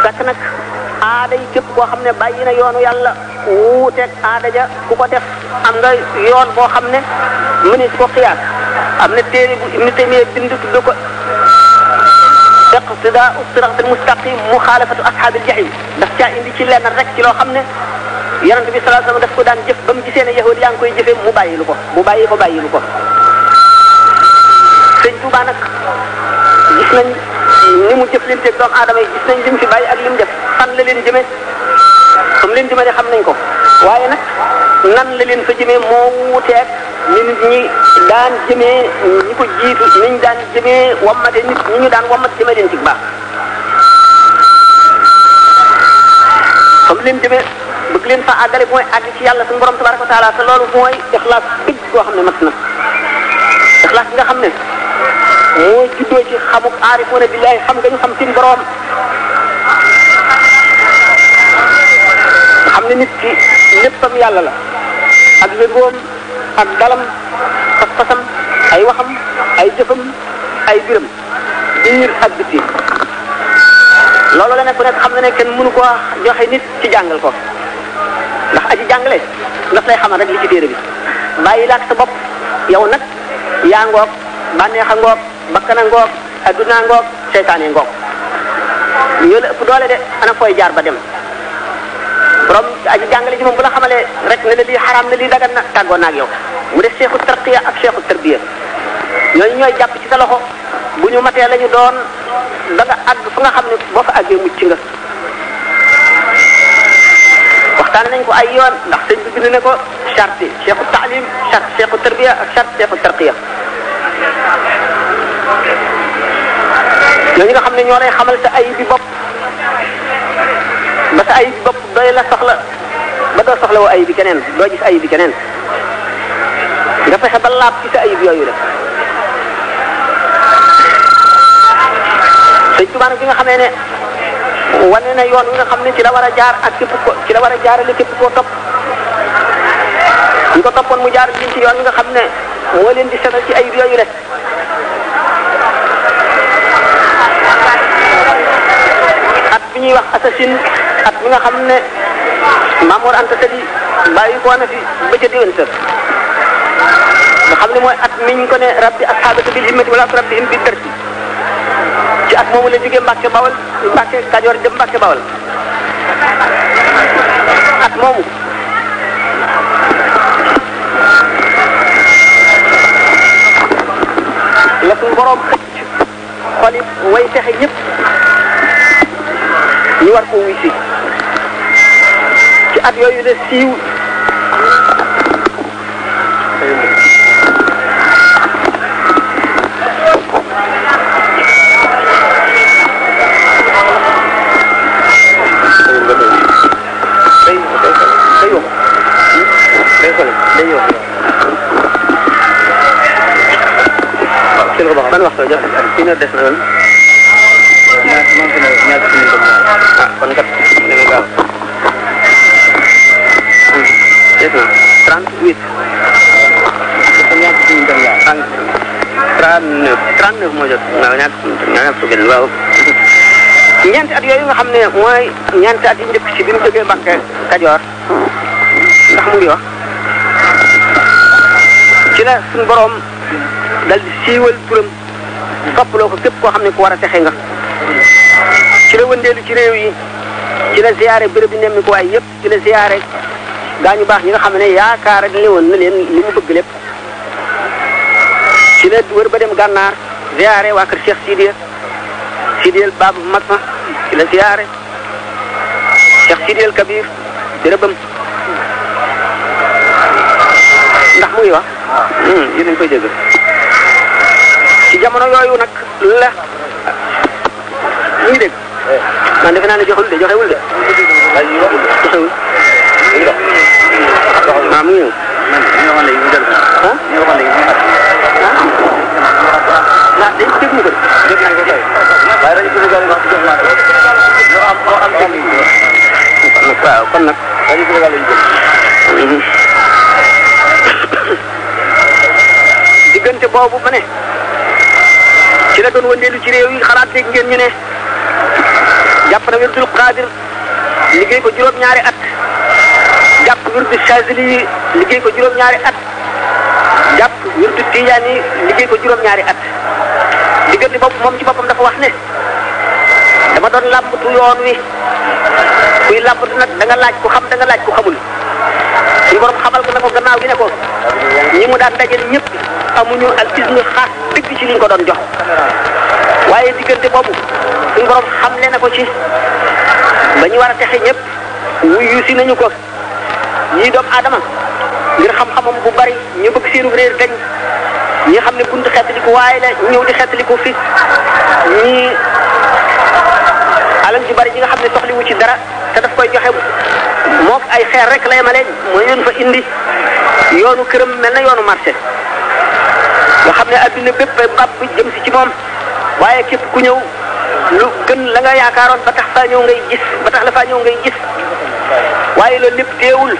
fekk nag aada yi képp koo xam ne bàyyi na yoonu yàlla wuuteeg aada ja ku ko def am nga yoon boo xam ne mënees ko xiyaas am na téere bu Ibnu Taymiya bind tudd ko iqtidaa'u siraatal mustaqiim muxaalafatu ashaabil jahiim daf caa indi ci lenn rek ci loo xam ne yonent bi sallallahu alayhi wasallam daf ko daan jëf ba mu gisee ne yahuud yaa ngi koy jëfee mu bàyyilu ko mu bàyyi ko bàyyilu ko sëñ Tuubaa nag gis nañ ni mu jëflanteeg doomu aadama yi gis nañ li mu fi bàyyi ak li mu def fan la leen jëmee xam leen di ma xam nañ ko waaye nag nan la leen fa jëmee moo wuuteeg ni nit ñi daan jëmee ñi ko jiitu nit ñi ñu daan wammat jëmee leen ci baax xam leen jëmee bëgg leen fa àggale mooy àgg ci yàlla suñu borom tabaraka wa taala te loolu mooy ixlaas koo xam ne mat na ixlaas nga xam ne moo juddoo ci xamuk aarifoona billaahi xam nga ñu xam seen borom ne nit ki léppam yàlla la ak yëgoom ak dalam pas-pasam ay waxam ay jëfam ay biram biir ak biti loolu la nekk nekk xam na ne kenn mënu koo joxe nit ci jàngal ko ndax aji jàngale daf lay xamal rek li ci téere bi bàyyi laak sa bopp yow nag yaa ngoog bànneexa ngoog bakkana ngoog adduna ngoog seytaane ngoog doole de ana koy jaar ba dem borom aji jàngale ji moom bu la xamalee rek ne la lii xaraam na lii dagan na tàggoo naag yow mu def seexu tarqiya ak seexu tarbiya ñooñu ñooy jàpp ci sa loxo bu ñu matee la ñu doon da nga àgg nga xam ne boo fa àggee nga waxtaan nañ ko ay yoon ndax sëñ bi bind ne ko charte seexu taalim charte seexu ak charte seexu tarqiya ñooñu nga xam ne ñoo lay xamal sa ay bi bopp ba sa ayib bopp doy la soxla ba doo soxla woo ayib yi keneen doo gis ayib yi keneen nga fexe ba laab ci sa ayib yooyu la sëñ Tuubaa nag bi nga xamee ne wane na yoon wi nga xam ne ci la war a jaar ak képp ko ci la war a jaarale képp koo topp ñu ko toppoon mu jaar liñ ci yoon wi nga xam ne moo leen di setal ci ayib yooyu rek at bi ñuy wax assasine at mi nga xam ne Mamour Anta Sali bàyyi ko na fi ba ca diwén nga xam ne mooy at miñ ko ne rabbi asxaabaka bil himmati ci at moomu la jógee Mbàkke Bawal Mbàkke Kajoor dem Mbàkke yi war ko wuy at yooyu la siiw ban waxtu jot une heure des na loon. ñaar moom fi ne ñaar fi ne ah, kon kat waaw ñaar at yooyu nga xam ne mooy ñeenti at yu njëkk ci bi mu jógee Mbàkke Kajoor ndax mu ngi wax ci la suñu boroom dal siiwal turam toppaloo ko képp koo xam ne ku war a texe nga ci la wëndeelu ci réew yi ci la ziyaare béréb yi nemmi ko ci la ziyaare gaa ñu baax ñi nga xam ne yaakaar ne woon na leen li mu bëgg lépp ci la wër ba dem gànnaar ziare waa kër Cheikh Sidiya Sidiyel Babu mag ma ci la ziare Cheikh Sidiyel Kabir dërëbam ndax muy wax hmm, yéen a koy dégg ci jamono ay nag la ñuy dégg man defe naa ne joxewul de joxewul de joxewul maam mu ngi ñëw ndax day déglu kon diggante boobu ma ci la doon wëndeelu ci réew yi xalaat dégg ngeen ñu ne jàpp na wirtul qaadir liggéey ko juróom-ñaari at jàpp wirtu chazili yi liggéey ko juróom-ñaari at jàpp wirtu tijaan liggéey ko juróom-ñaari at ndigal li bopp moom ci boppam dafa wax ne dama doon làmbatu yoon wi kuy làmbatu nag da laaj ko xam da nga laaj ko xamul suñu borom xamal ko ne ko gannaaw gi ne ko ñi mu daan dajal ñëpp amuñu al ismu xaas dëgg ci liñ ko doon jox waaye diggante boobu suñu borom xam ne na ko ci ba ñu war a texe ñëpp wuyu si nañu ko ñii doomu aadama ngir xam-xamam bu bari ñu bëgg seenu réer dañ ñi nga xam ne punt xettaliku waaye la ñëw di xettaliku fi ñii alal ju bari ñi nga xam ne soxliwu ci dara te daf koy joxe mook ay xeer rek lay malee mooy leen fa indi yoonu këram mel na yoonu marché yoo xam ne adduna bépp bàpp jëm si ci moom waaye képp ku ñëw lu gën la nga yaakaaroon ba tax faa ñëw ngay gis ba tax la faa ñëw ngay gis waaye loolu lépp teewul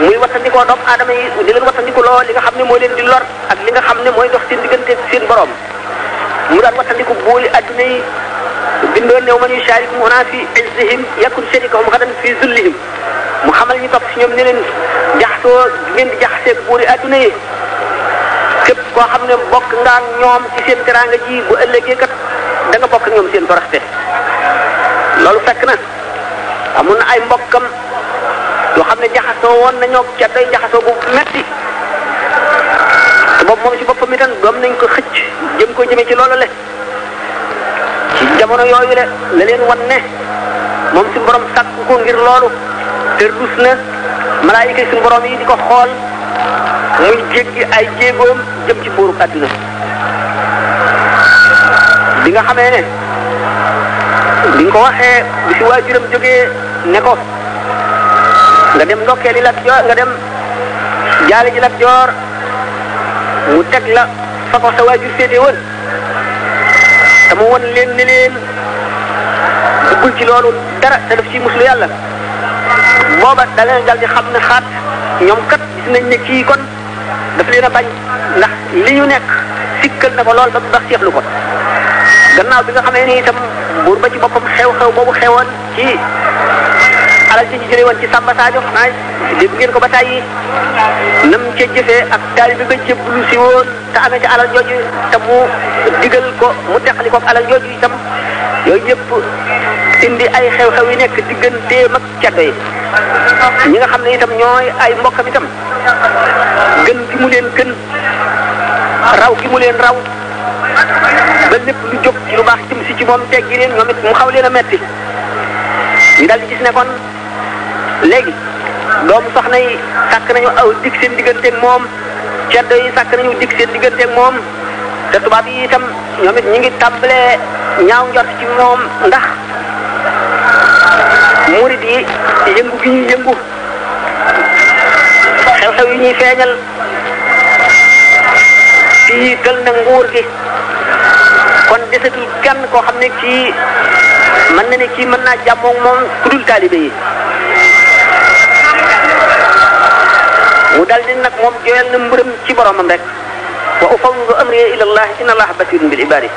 muy wattandikoo doomu adama yi di leen wattandiku loo li nga xam ne moo leen di lor ak li nga xam ne mooy dox seen diggante seen borom mu daan wattandiku booli adduna yi bindoon ne man yusharikum huna fi izzihim yakun sharikahum xadan fi zullihim mu xamal ñu topp si ñoom ne leen jaxasoo ngeen di jaxasee booli adduna yi képp koo xam ne bokk nga ak ñoom ci seen teraanga ji bu ëllëgee kat da bokk ak ñoom seen toroxte loolu fekk na amoon na ay mbokkam. yoo xam ne jaxasoo woon nañoo ca day jaxasoo bu metti te boobu moom si boppam itam doom nañ ko xëcc jëm ko jëmee ci loolu le ci jamono yooyu le la leen moom suñu borom sàkk ko ngir loolu te na malaayika suñu borom yi di ko xool muy jéggi ay jéegoom jëm ci buurub àdduna bi nga xamee ne bi nga ko waxee bi si waajuram jógee ne nga dem ndokkeeli Lat Joor nga dem jaale ji Lat Joor mu teg la fa ko sa waajur féete won leen ne leen duggul ci loolu dara te def ci muslu yàlla booba da leen dal xam ne xaat ñoom kat gis nañ ne kii kon daf leen a bañ ndax li ñu nekk sikkal na ko lool ba mu bax seexlu ko gannaaw bi nga xamee ni itam buur ba ci boppam xew-xew boobu xewoon ci alal ji ñu jëlee woon ci Samba Sadio xanaa dégg ngeen ko ba tey yi nam ca jëfee ak taalibe bi ba jébbalu si te amee ci alal jooju te mu digal ko mu teqali ko ak alal jooju itam yooyu yëpp indi ay xew-xew yi nekk digganteem ak ceddo yi ñi nga xam ne itam ñooy ay mbokkam itam gën gi mu leen gën raw gi mu leen raw ba lépp lu jóg ci lu baax jëm si ci moom teggi leen ñoom mu xaw leen a metti ñu daal gis ne léegi doomu soxna yi sàkk nañu aw dig seen digganteeg moom ceddo yi sàkk nañu dig seen digganteeg moom te tubaab yi itam ñoom it ñu ngi tàmbalee ñaaw njort ci moom ndax murid yi yëngu gi ñuy yëngu xew-xew yi ñuy feeñal fii tël na nguur gi kon desatul kenn koo xam ne kii mën na ne kii mën naa jàmmoo moom ku dul taalibe yi mu dal di nag moom joyal na mbërëm ci boromam rek wa ufawwidu amri ila allah inna allah basirun bil ibadi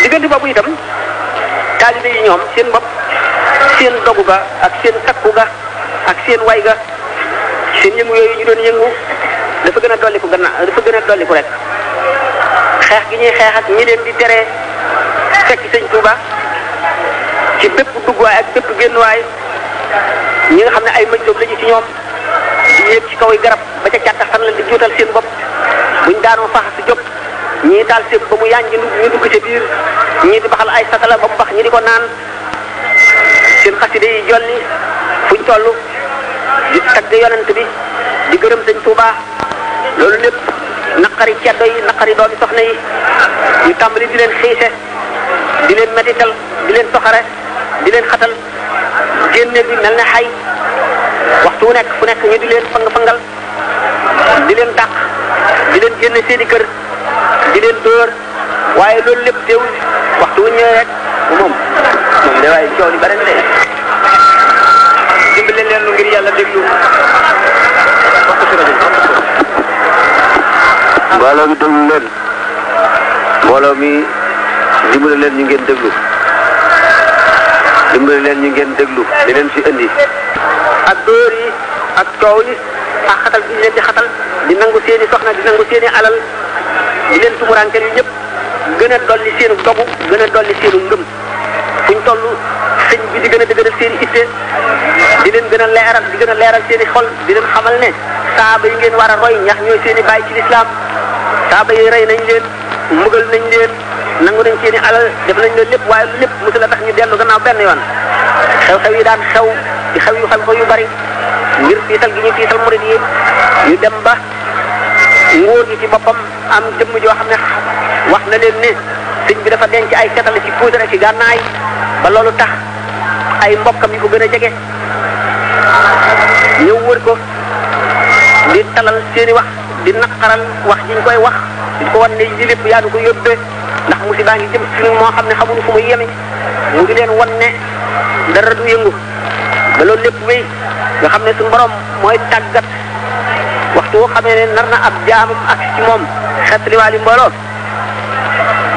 diggante boobu itam taalibe yi ñoom seen bopp seen dogu ga ak seen takku ga ak seen way ga seen yëngu yooyu ñu doon yëngu dafa gën a dolliku gannaaw dafa gën a dolliku rek xeex gi ñuy xeex ak ñi leen di tere fekk sëñ Touba ci bépp dugg ak bépp génn waay ñi nga xam ne ay mëj la ci ñoom yéeg ci kaw yi garab ba ca càttaxtan la di juutal seen bopp buñ daanoo faxas jóg ñii taal seen ba mu yaañ ñu dugg ca biir ñii di baxal ay satala ba mu bax ñi ko naan seen xaside yi jolli fuñ toll di tagg yonent bi di gërëm sëñ Tuubaa loolu lépp naqari ceddo yi naqari doomi soxna yi ñu tàmbali di leen xiise di leen métital di leen soxare di leen xatal génne bi mel na xay waxtu wu nekk fu nekk ñu di leen fang fangal di leen dàq di leen génn seeni kër di leen dóor waaye loolu lépp teewul waxtu wu ñëwee rek moom moom de waaye coow li bare na de dimbale leen lu ngir yàlla déglu wax ko si rajo mbooloo mi déglu leen mbooloo mi dimbale leen ñu ngeen déglu dimbali leen ñu ngeen déglu li leen fi indi ak dóor yi ak coow li ak xatal bi ñu leen di xatal di nangu seeni soxna di nangu seeni alal di leen tumuraankeel yu ñépp gën a dolli seenu dogu gën a dolli seenu ngëm fuñ toll sëñ bi di gën a dëgëral seeni itte di leen gën a leeral di gën a leeral seeni xol di leen xamal ne saaba yi ngeen war a roy ñax ñooy seeni bàyyi ci lislaam saaba yi rey nañ leen mugal nañ leen nangu nañ seeni alal def nañ lépp waaye lépp mosu la tax ñu dellu gannaaw benn yoon xew-xew yi daan xew di xew yu xal ko yu bari ngir tiital gi ñu tiital murid yi dem ba nguur gi ci boppam am jëmm joo xam ne wax na leen ne sëñ bi dafa denc ay ketale ci poudre ci gànnaay ba loolu tax ay mbokkam yi ko gën a jege ñëw wër ko di talal seeni wax di naqaral wax jiñ koy wax di ko wan ne yi lépp yaa nu ko yóbbee ndax musiba ngi jëm suñu moo xam ne xamuñu fu mu yeme mu ngi leen wan ne dara du yëngu ba loolu lépp wéy nga xam ne suñu borom mooy tàggat waxtu woo xamee ne nar na ab jaamam ak ci moom xetliwaali mbooloo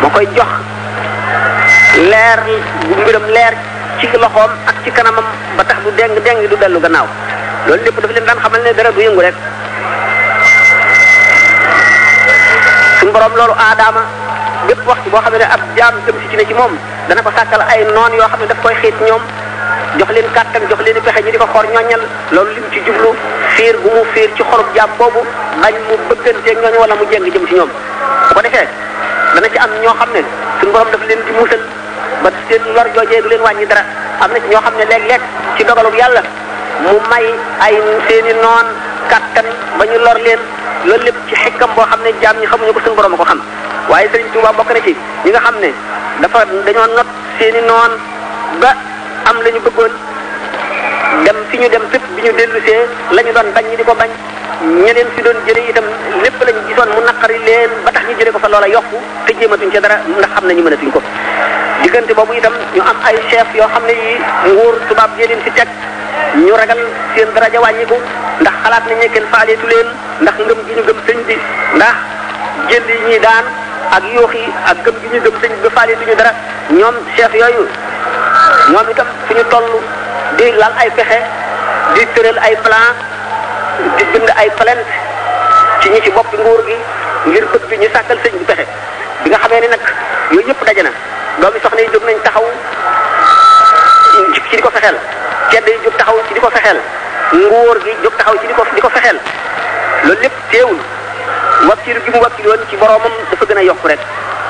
moo koy jox leer bu mbiram leer ci loxoom ak ci kanamam ba tax du deng deng du dellu gannaaw loolu lépp dafa leen daan xamal ne dara du yëngu rek suñu borom loolu aadaama bépp waxtu boo xam ne ab jaam jëm si ci ne ci moom dana ko sàkkal ay noon yoo xam ne daf koy xiit ñoom jox leen kàttan jox leen i pexe ñu di ko xor ñooñal loolu lim ci jublu fiir bu mu fiir ci xorub wala mu jéng jëm si ñoom bu ko defee dana ci am ñoo xam ne suñu borom daf leen di musal ba seen lor joojee du leen wàññi dara am na ci ñoo xam ne léeg-léeg ci dogalub yàlla mu may ay seeni noon kàttan ba ñu lor leen loolu lépp ci xekkam boo xam ne jaam ñi xamuñu ko suñu borom a ko xam waaye Serigne Touba bokk na ci ñi xam ne dafa dañoo not seeni noon ba am la ñu bëggoon dem fi ñu dem fépp bi ñu dellusee la ñu doon bañ ñi di ko bañ ñeneen fi doon jëlee itam lépp lañ gisoon mu naqari leen ba tax ñu jëlee ko fa loola yokku te jéematuñ ca dara ndax xam nañu mënatuñ ko diggante boobu itam ñu am ay chef yoo xam ne yi nguur tubaab yee leen fi teg ñu ragal seen daraja wàññiku ndax xalaat nañ ne kenn faaleetu leen ndax ngëm gi ñu gëm sëñ bi ndax jël yi ñuy daan ak yoox yi ak gëm gi ñu gëm sëñ bi faaleetuñu dara ñoom chef moom itam fi ñu toll di lal ay pexe di tëral ay plan di bind ay plainte ci ñi ci bopp nguur gi ngir bëgg ñu sàkkal sëñ bi pexe bi nga xamee ni nag yooyu yëpp daje na doomi soxna yi jóg nañ taxaw ci di ko fexeel cedd yi jóg taxaw ci di ko fexeel nguur gi jóg taxaw ci di ko di ko fexeel loolu lépp teewul wakkil gi mu wakkil woon ci boroomam dafa gën a yokk rek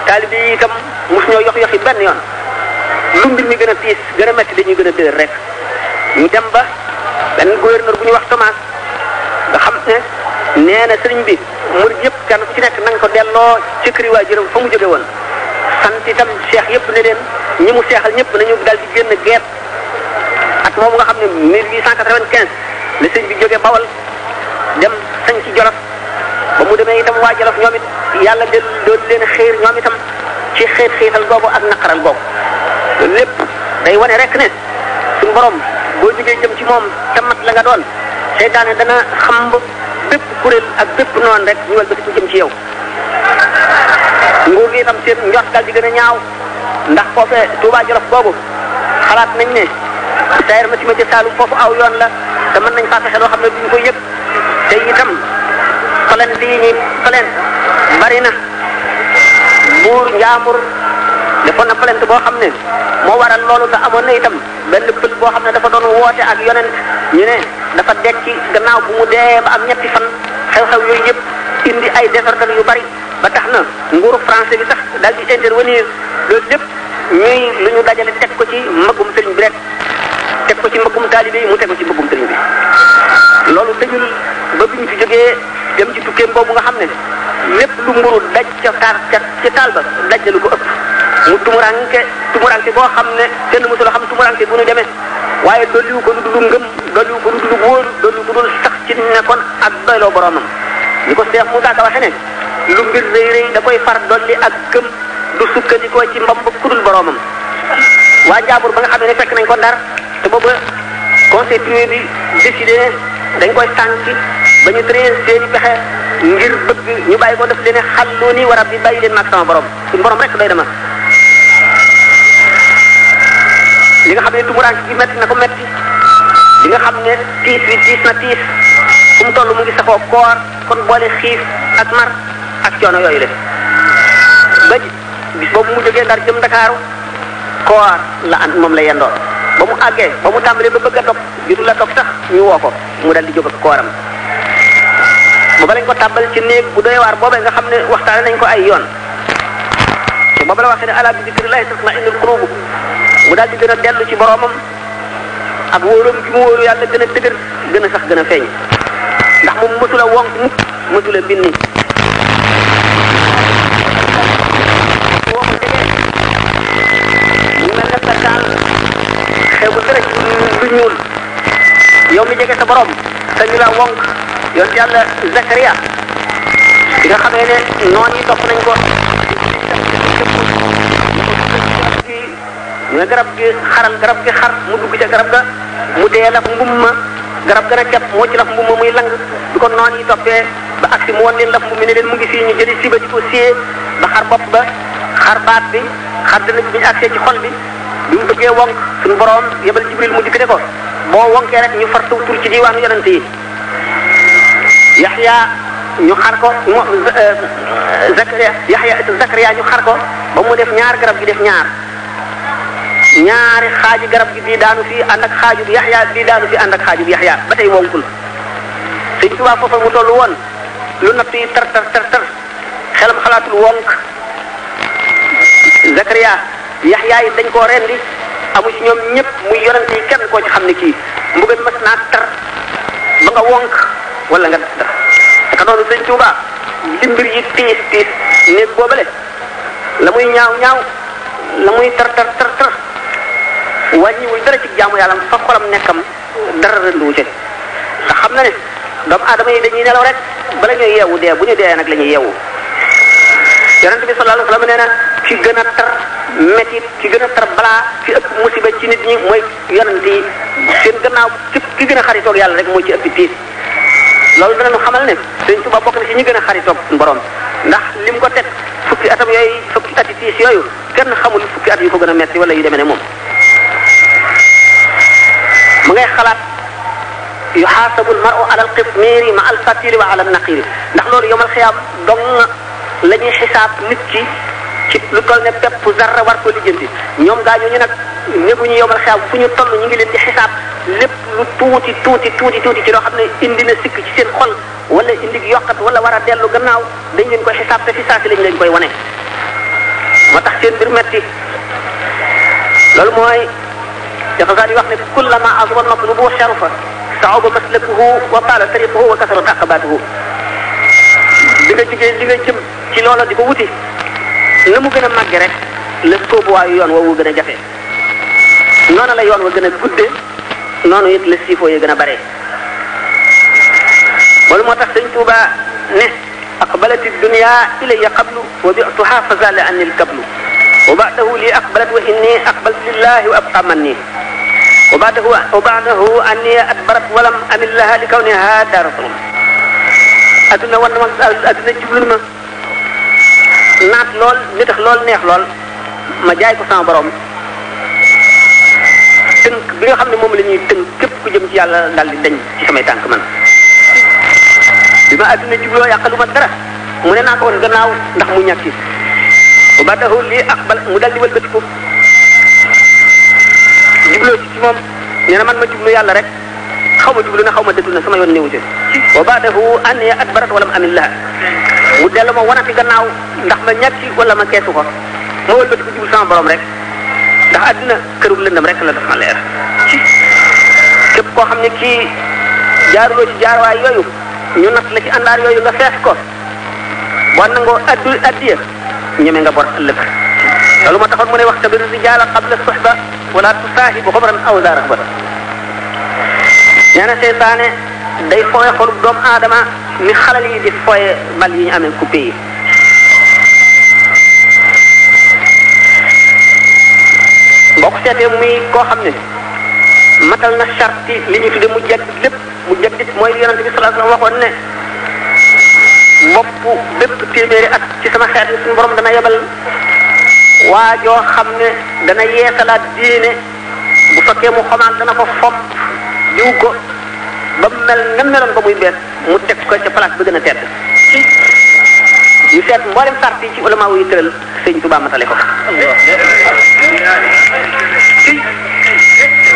taalibe yi itam mosu ñoo yox yi benn yoon lu mbir mi gën a piis gën a métti dañuy gën a dër rek ñu dem ba benn gouverneur bu ñu wax Thomas nga xam ne nee na sëriñ bi murid yëpp kenn ku ci nekk na nga ko delloo ci kër waajuram fa mu jóge woon sant itam cheikh yëpp ne leen ñi mu seexal ñëpp nañu dal di génn geet at moom nga xam ne 1895 la sëñ bi jóge Bawal dem sañ ci Jolof ba mu demee itam waa Jolof ñoom it yàlla del doon leen xiir ñoom itam ci xeet xiital googu ak naqaral googu loolu lépp day wane rek ne suñu boo jógee jëm ci moom tamat la nga doon seytaane dana xam bépp kuréel ak bépp noon rek ñu wal bëgg jëm ci yow. nguur gi itam seen njort dal di gën a ñaaw ndax foofee Touba Jolof boobu xalaat nañ ne Sayer ma ci ma ca Saalum foofu aw yoon la te mën nañ faa fexe loo xam ne duñ ko yëg te itam plainte yi ñuy plainte na defoon na plainte boo xam ne moo waral loolu te amoon na itam benn pël boo xam ne dafa doon woote ak yonent ñu ne dafa dekki gannaaw bu mu dee ba am ñetti fan xew-xew yooyu yëpp indi ay désordre yu bari ba tax na nguuru français bi sax daal di intervenir loolu lépp ñuy lu ñu dajale teg ko ci mbëggum sëriñ bi rek teg ko ci mbëggum taalibe yi mu teg ko ci mbëggum sëriñ bi loolu tëjul ba bi ñu fi jógee dem ci tukkeem boobu nga xam ne lépp lu mburu daj ca taar ca ca taal ba daj ko ëpp mu tumuranke tumuranke boo xam ne kenn mësul xam tumuranke bu ñu demee waaye dolliwu ko lu dul ngëm dolliwu ko lu dul wóolu dolliwu ko dul sax ci nekkoon ak doyloo boromam ni ko Seex Muusaa Ka waxe ne lu mbir rëy rëy da koy far dolli ak gëm du sukkandikoo ci mbam ba kudul boromam waa jaabur ba nga xam ne fekk nañ ko ndar te booba conseil privé bi décidé ne dañ koy sànki ba ñu tëree seen i pexe ngir bëgg ñu bàyyi ko def leen xal loo nii war bi bàyyi leen maag sama borom suñu borom rek doy dama li nga xam ne tumuraanke gi métti na ko métti li nga xam ne tiis bi tiis na tiis fu mu toll mu ngi safoo koor kon boole xiif ak mar ak coono yooyu la ba boobu mu jógee ndar jëm ndakaaru koor la an moom la yendoon ba mu àggee ba mu tàmbalee ba bëgg a dog juru la dog sax ñu woo ko mu dal di jóg ak kooram booba lañ ko tàbbal ci néeg bu doy waar boobee nga xam ne waxtaan nañ ko ay yoon te la waxee ne ala bi zikrillahi tatma'innul qulub mu daal di gën ci boromam ak wóoram gi mu wóoru yàlla gën a dëgër gën a sax gën a feeñ ndax moom mësula wonk mukk mësula binni yow mi jege sa borom te ñu la wonk yoon yàlla Zakaria bi nga xamee noon yi topp nañ ko ñu garab gi xaral garab gi xar mu dugg ca garab ga mu dee laf mbubb garab gën a kepp moo ci laf mbubb ma muy lang bi ko noon yi toppee ba agsi mu wan leen laf mbubb mi ne leen mu ngi fii ñu jëli siba di ko siyee ba xar bopp ba xar baat bi xar dana bi ñu agsee ci xol bi bi mu bëggee wonk suñu borom yebal jibril mu dikk ne ko boo wonkee rek ñu far saw ci diwaanu yonante yi yaxya ñu xar ko euh, ñu xar ko mu def ñaar garab gi def ñaar ñaari xaaji garab gi bii daanu fii ànd ak xaajub yaxyaa bii daanu fii ànd ak xaajub yaxyaa ba tey wonkul sëñ Tuubaa foofa mu toll woon lu natt yi tar tar tar tar xelam xalaatul wonk Zakaria yaxyaa yi dañ koo rendi amu ci ñoom ñëpp muy yonante yi kenn koo ci xam ne kii mbugal mas naa tar ba nga wonk wala nga tar tar tar wàññiwul dara ci jaamu yàlla fa xolam nekkam dara rënduwu ci te xam na ne doomu aadama yi dañuy nelaw rek bala ñuy yeewu dee bu ñu dee nag lañuy ñuy yeewu yonent bi sallallahu alayhi wa sallam nee na ci gën a tar métit ki gën a tar balaa ci ëpp musiba ci nit ñi mooy yonent yi seen gannaaw képp ki gën a xaritoog yàlla rek mooy ci ëpp tiis loolu danañu xamal ne Sëriñ Tuubaa bokk na ci ñi gën a xaritoog borom ndax lim ko teg fukki atam yooyu fukki ati tiis yooyu kenn xamul fukki at yu ko gën a metti wala yu demee ne moom mu ngay xalaat yu xaasabul maru alal qitmiiri ma al fatiri wa alal naqiiri ndax loolu yomal xiyaam dong la ñuy xisaab nit ki ci lu toll ne pepp zarra war koo ko bi ñoom daañu ñu nag néegu ñu yomal xiyaam fu ñu toll ñu ngi leen di xisaab lépp lu tuuti tuuti tuuti tuuti ci loo xam ne indi na sikk ci seen xol wala indi yokkat wala war a dellu gannaaw dañ leen koy xisaab te xisaab si lañ leen koy wane moo tax seen mbir metti loolu dafa daal di kullama azwa matlubu sharufa saaba maslakuhu wa taala tariquhu wa kasara taqabatuhu di nga jugee di nga jëm ci loola di ko wuti na mu gën a màgge rek la sóobuwaayu yoon woowu gën a jafe noonu la yoon wa gën a gudde noonu it la siifoo yi gën a bare loolu moo tax sëñ Tuuba a aqbalati dunya ilayya qablu wa bi'tuha fa zala anni al qablu wa baadahu li aqbalat wa inni aqbaltu lillahi wa abqa manni wa baadahu wa baadahu anni adbarat walam amil laha li kawniha daaratum adduna wan na ma adduna jublul ma naat lool li tax lool neex lool ma jaay ko sama borom tënk bi nga xam ne moom la ñuy tënk képp ku jëm ci yàlla daal di dañ ci samay tànk man bi ma adduna jubloo yàqalu ma dara mu ne naa ko woon gannaaw ndax mu ñàkki badahu lii aqbal mu dal di wëlbatiku jubloo ci moom nee man ma jublu yàlla rek xaw ma jublu na xaw ma dëddu na sama yoon néewu ci wa badahu an ya adbarat wala mu amin laha mu dellu ma wanati gannaaw ndax ma ñàkki wala ma keesu ko ma wëlbatiku jublu sama borom rek ndax àddina kërug lëndam rek la dafa leer képp koo xam ne kii jaaruloo ci jaarwaay yooyu ñu natt la ci àndaar yooyu nga fees ko war nangoo addu ñeme nga bor ëllëg loolu moo taxoon mu ne wax tabir rijaala qabla suhba wala tusaahibu xubran aw za rahba nee na seytaane day fooye xolub doomu aadama ni xalal yi di fooye bal yi amee coupé yi boo seetee muy koo xam ne matal na charte li ñu tudde mu jag lépp mu jag lépp mooy yonente bi sallallahu alayhi wasallam waxoon bopp bépp téeméeri at ci sama xeet suñu borom dana yebal waa joo xam ne dana yeesalaat diine bu fekkee mu xomaan dana ko fopp jiw ko ba mu mel na meloon ba muy bees mu teg ko ca place ba gën a tedd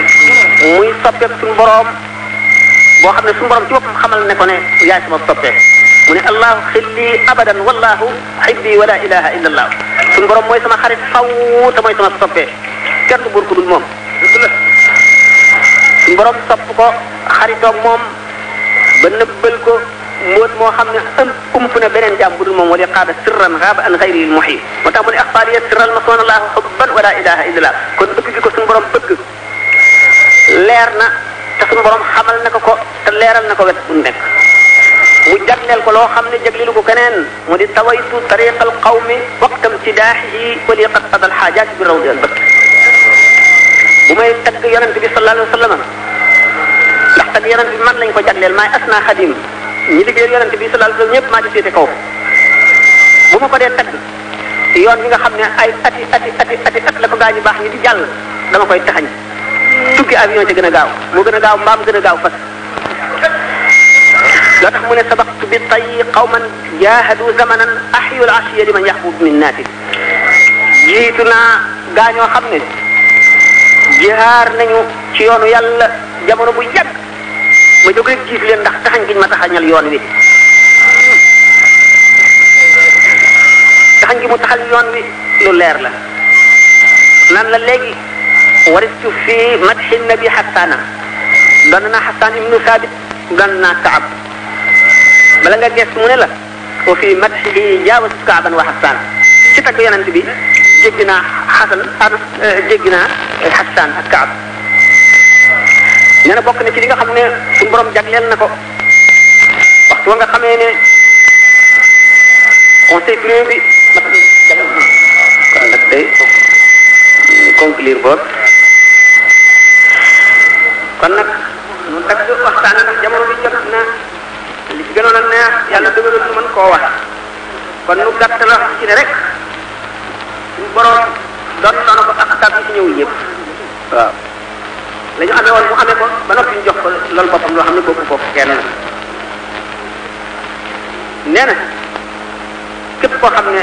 ko muy soppeek suñu borom boo xam ne suñu borom ci boppam xamal ne ko ne yaay sama soppeek mu ne allahu xibbi abadan wallahu xibbi wala ilaha illa allah suñu borom mooy sama xarit faw te mooy sama soppee kenn du buur ku dul moom suñu borom sopp ko xaritoog moom ba nëbbal ko mbóot moo xam ne ump na beneen jaam bu dul moom wala xaaba sirran xaaba an xayri il muhim moo tax mu ne axfaaliya sirral masoon allahu xubban wala ilaha illa allah kon bëgg gi ko suñu borom bëgg leer na te suñu borom xamal na ko ko te leeral na ko wet bu nekk mu jagleel ko loo xam ne jagleelu ko keneen mu di tawaytu tariqal qawmi waqtam ci daaxihi wali qad qadal xaajaat bi rawdi al bakk bu may tagg yonent bi sallallahu alayhi wa sallam ndax tagg yonent bi man lañ ko jagleel maay asna xadim ñi liggéeyal yonent bi sallallahu alayhi wa sallam ñëpp maa ci féete kaw bu ma ko dee tagg yoon bi nga xam ne ay ati ati ati ati at la ko gaa ñu baax ñi di jàll dama koy taxañ tukki avion ca gën a gaaw moo gën a gaaw mbaam gën a gaaw fas loo tax mu ne sabaqtu bi tayyi qawman jaahadu zamanan ahyu al-ashiya liman yahbub min naati jiitu naa gaa ñoo xam ne jihaar nañu ci yoonu yàlla jamono bu yàgg ma jóg rek jiitu leen ndax taxañ giñ ma taxañal yoon wi taxañ gi yoon wi lu leer la nan la léegi waristu fi madxi nabi xasaana doon naa ibnu saabit doon naa bala nga gëstu mu ne la wa fii madhihi jaawaz kaaban wa ci tagg yonent bi jéggi naa xasan ak ah, eh, jéggi naa xasaan ak kaab bokk na ci li nga xam ne suñu borom jagleel na ko waxtu wa nga xamee ne conseil premier bi kon nag day conclure boobu kon nag mu tagg waxtaan li ci gënoon a neex yàlla dëgëral ñu mën koo wax kon nu gàtt la ci ne rek suñu borom doon na ko ak tab ci ñëw yëpp waaw la ñu amee woon mu amee ko ba noppi ñu jox ko loolu boppam loo xam ne bokku bokk kenn nee képp koo xam ne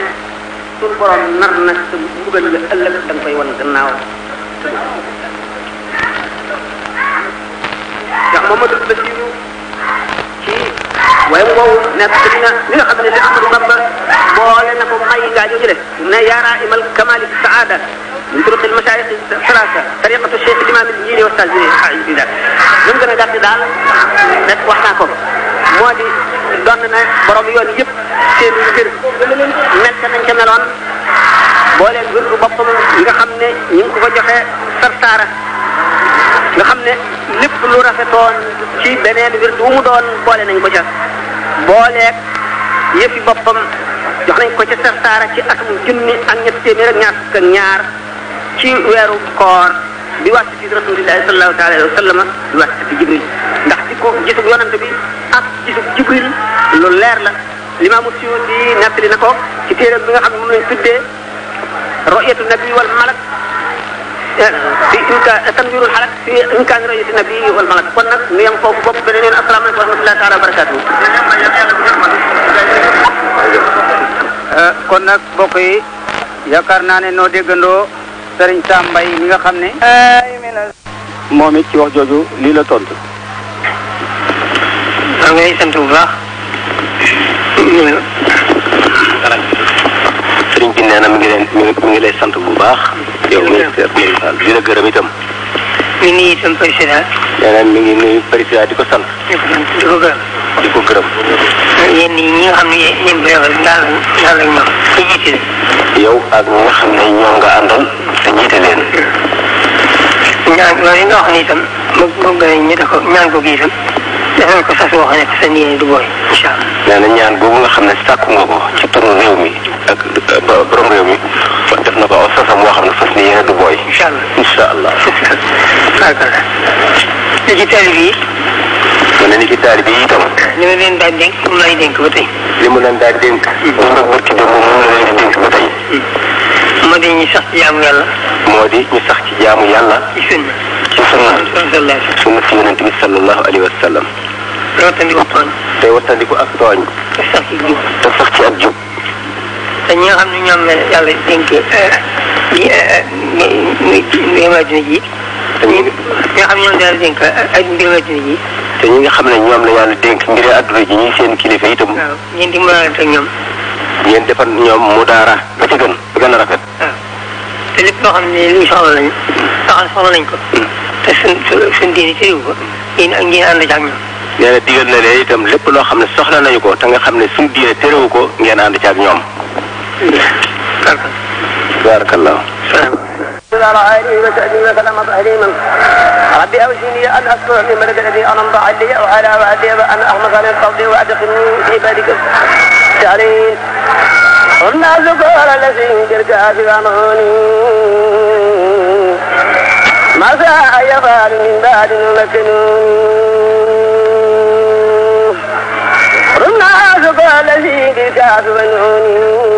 suñu borom nar na sa mbugal la ëllëg da nga koy wan gannaaw ndax Mamadou Bassirou waaye mu wow nekk ci na li nga xam ne li Ahmadu Bamba boole na ko may gaa jooju le ne yaara imal kamali saada min turuqil mashaayikh salaasa tariqatu cheikh limaam al-jiili wa sal bi daal lu mu gën a gàtt daal rek wax naa ko moo di doon na borom yoon yëpp seen mbir nekk nañ ca meloon boo leen wér boppam nga xam ne ñu ngi ko ko joxe sartaara ne lépp lu rafetoon ci beneen wird wu mu doon boole nañ ko ca booleeg yëfi boppam jox nañ ko ca sartaara ci atum junni ak ñett téeméer ak ñaar fukk ñaar ci weeru koor bi wàcc ci rasulillahi sallallahu taala alayhi wa sallam bi wàcc ci jibril ndax di ko gisub yonante bi ak gisub jibril lu leer la limaamu Suyuuti nettali na ko ci téeram bi nga xam ne moom lañ tuddee royatu nabi wal malak fi imkaan tanwiirul xalaq fi imkaan rajo kon nag ñu yem foofu beneen yoon asalaamaaleykum wa rahmatullahi taala kon nag mbokk yi yaakaar naa ne noo déggandoo Serigne Sam Mbaye nga xam ne. moom it ci wax jooju lii la tontu. maa ngi lay sant bu baax. sëriñ bi nee ngi leen mi sant bu baax. yow mi di la gërëm itam. ñu nuyu itam président. nee mi ngi nuyu président di ko sant. di ko sant di ko gërëm. di ko gërëm. yéen ñi nga xam ne yéen bi yow ak ñi nga xam ne ñoom nga àndal te jiite leen. ñaan loolu nga wax ni itam bëgg nañ ñu def ko ñaan ko gi itam defal ko sas boo xam ne sa nii du booy incha allah. nee ñaan boobu nga xam ne sàkku nga ko ci turu réew mi. ak euh, borom réew mi def na ko aw sasam moo xam ne fas ni yéene du booy. incha allah incha allah. ni ci taalib yi. mu ne ni ci taalib yi itam. li ma leen daan dénk moom li mu leen daan dénk. Mm. moom nag barki dem moom moom la leen di dénk ba tey. Mm. moo di ñu sax ci jaamu moo di ñu sax ci jaamu yàlla. ci sunna. ci sunna. sunna si yonent bi sallallahu alayhi wa sallam. te wattandiku ak tooñ. te sax ci ak jub. te ñi nga xam ne ñoom la yàlla dénk euh, di muy mbirum adduna ji. te ñi nga ak mbirum te ñi nga xam ne ñoom la yàlla dénk euh, mbiri adduna ji ñuy seen kilifa itam. waaw ñeent di mënalante ak ñoom. ñeent defar ñoom mu daara ba ci gën ba rafet. te lépp loo xam ne luy soxla lañ soxla soxla nañ ko. Mm. te suñ suñ diine tëriwu ko. yéen ak ngeen ànd ci ak itam lépp loo xam ne soxla nañu ko te nga xam ne suñ diine ko ngeen ànd ci ak ñoom. بارك الله عليه وسلم وسلم تسليما رب اوزني ان اذكر نعمتك التي انمت علي وعلى والدي وان اغمق علي قولي وادخلني في عبادك الصالحين قلنا ذكر الذي تلك اذانوني ماذا يفعل من بعد مكنون قلنا ذكر الذي تلك اذانوني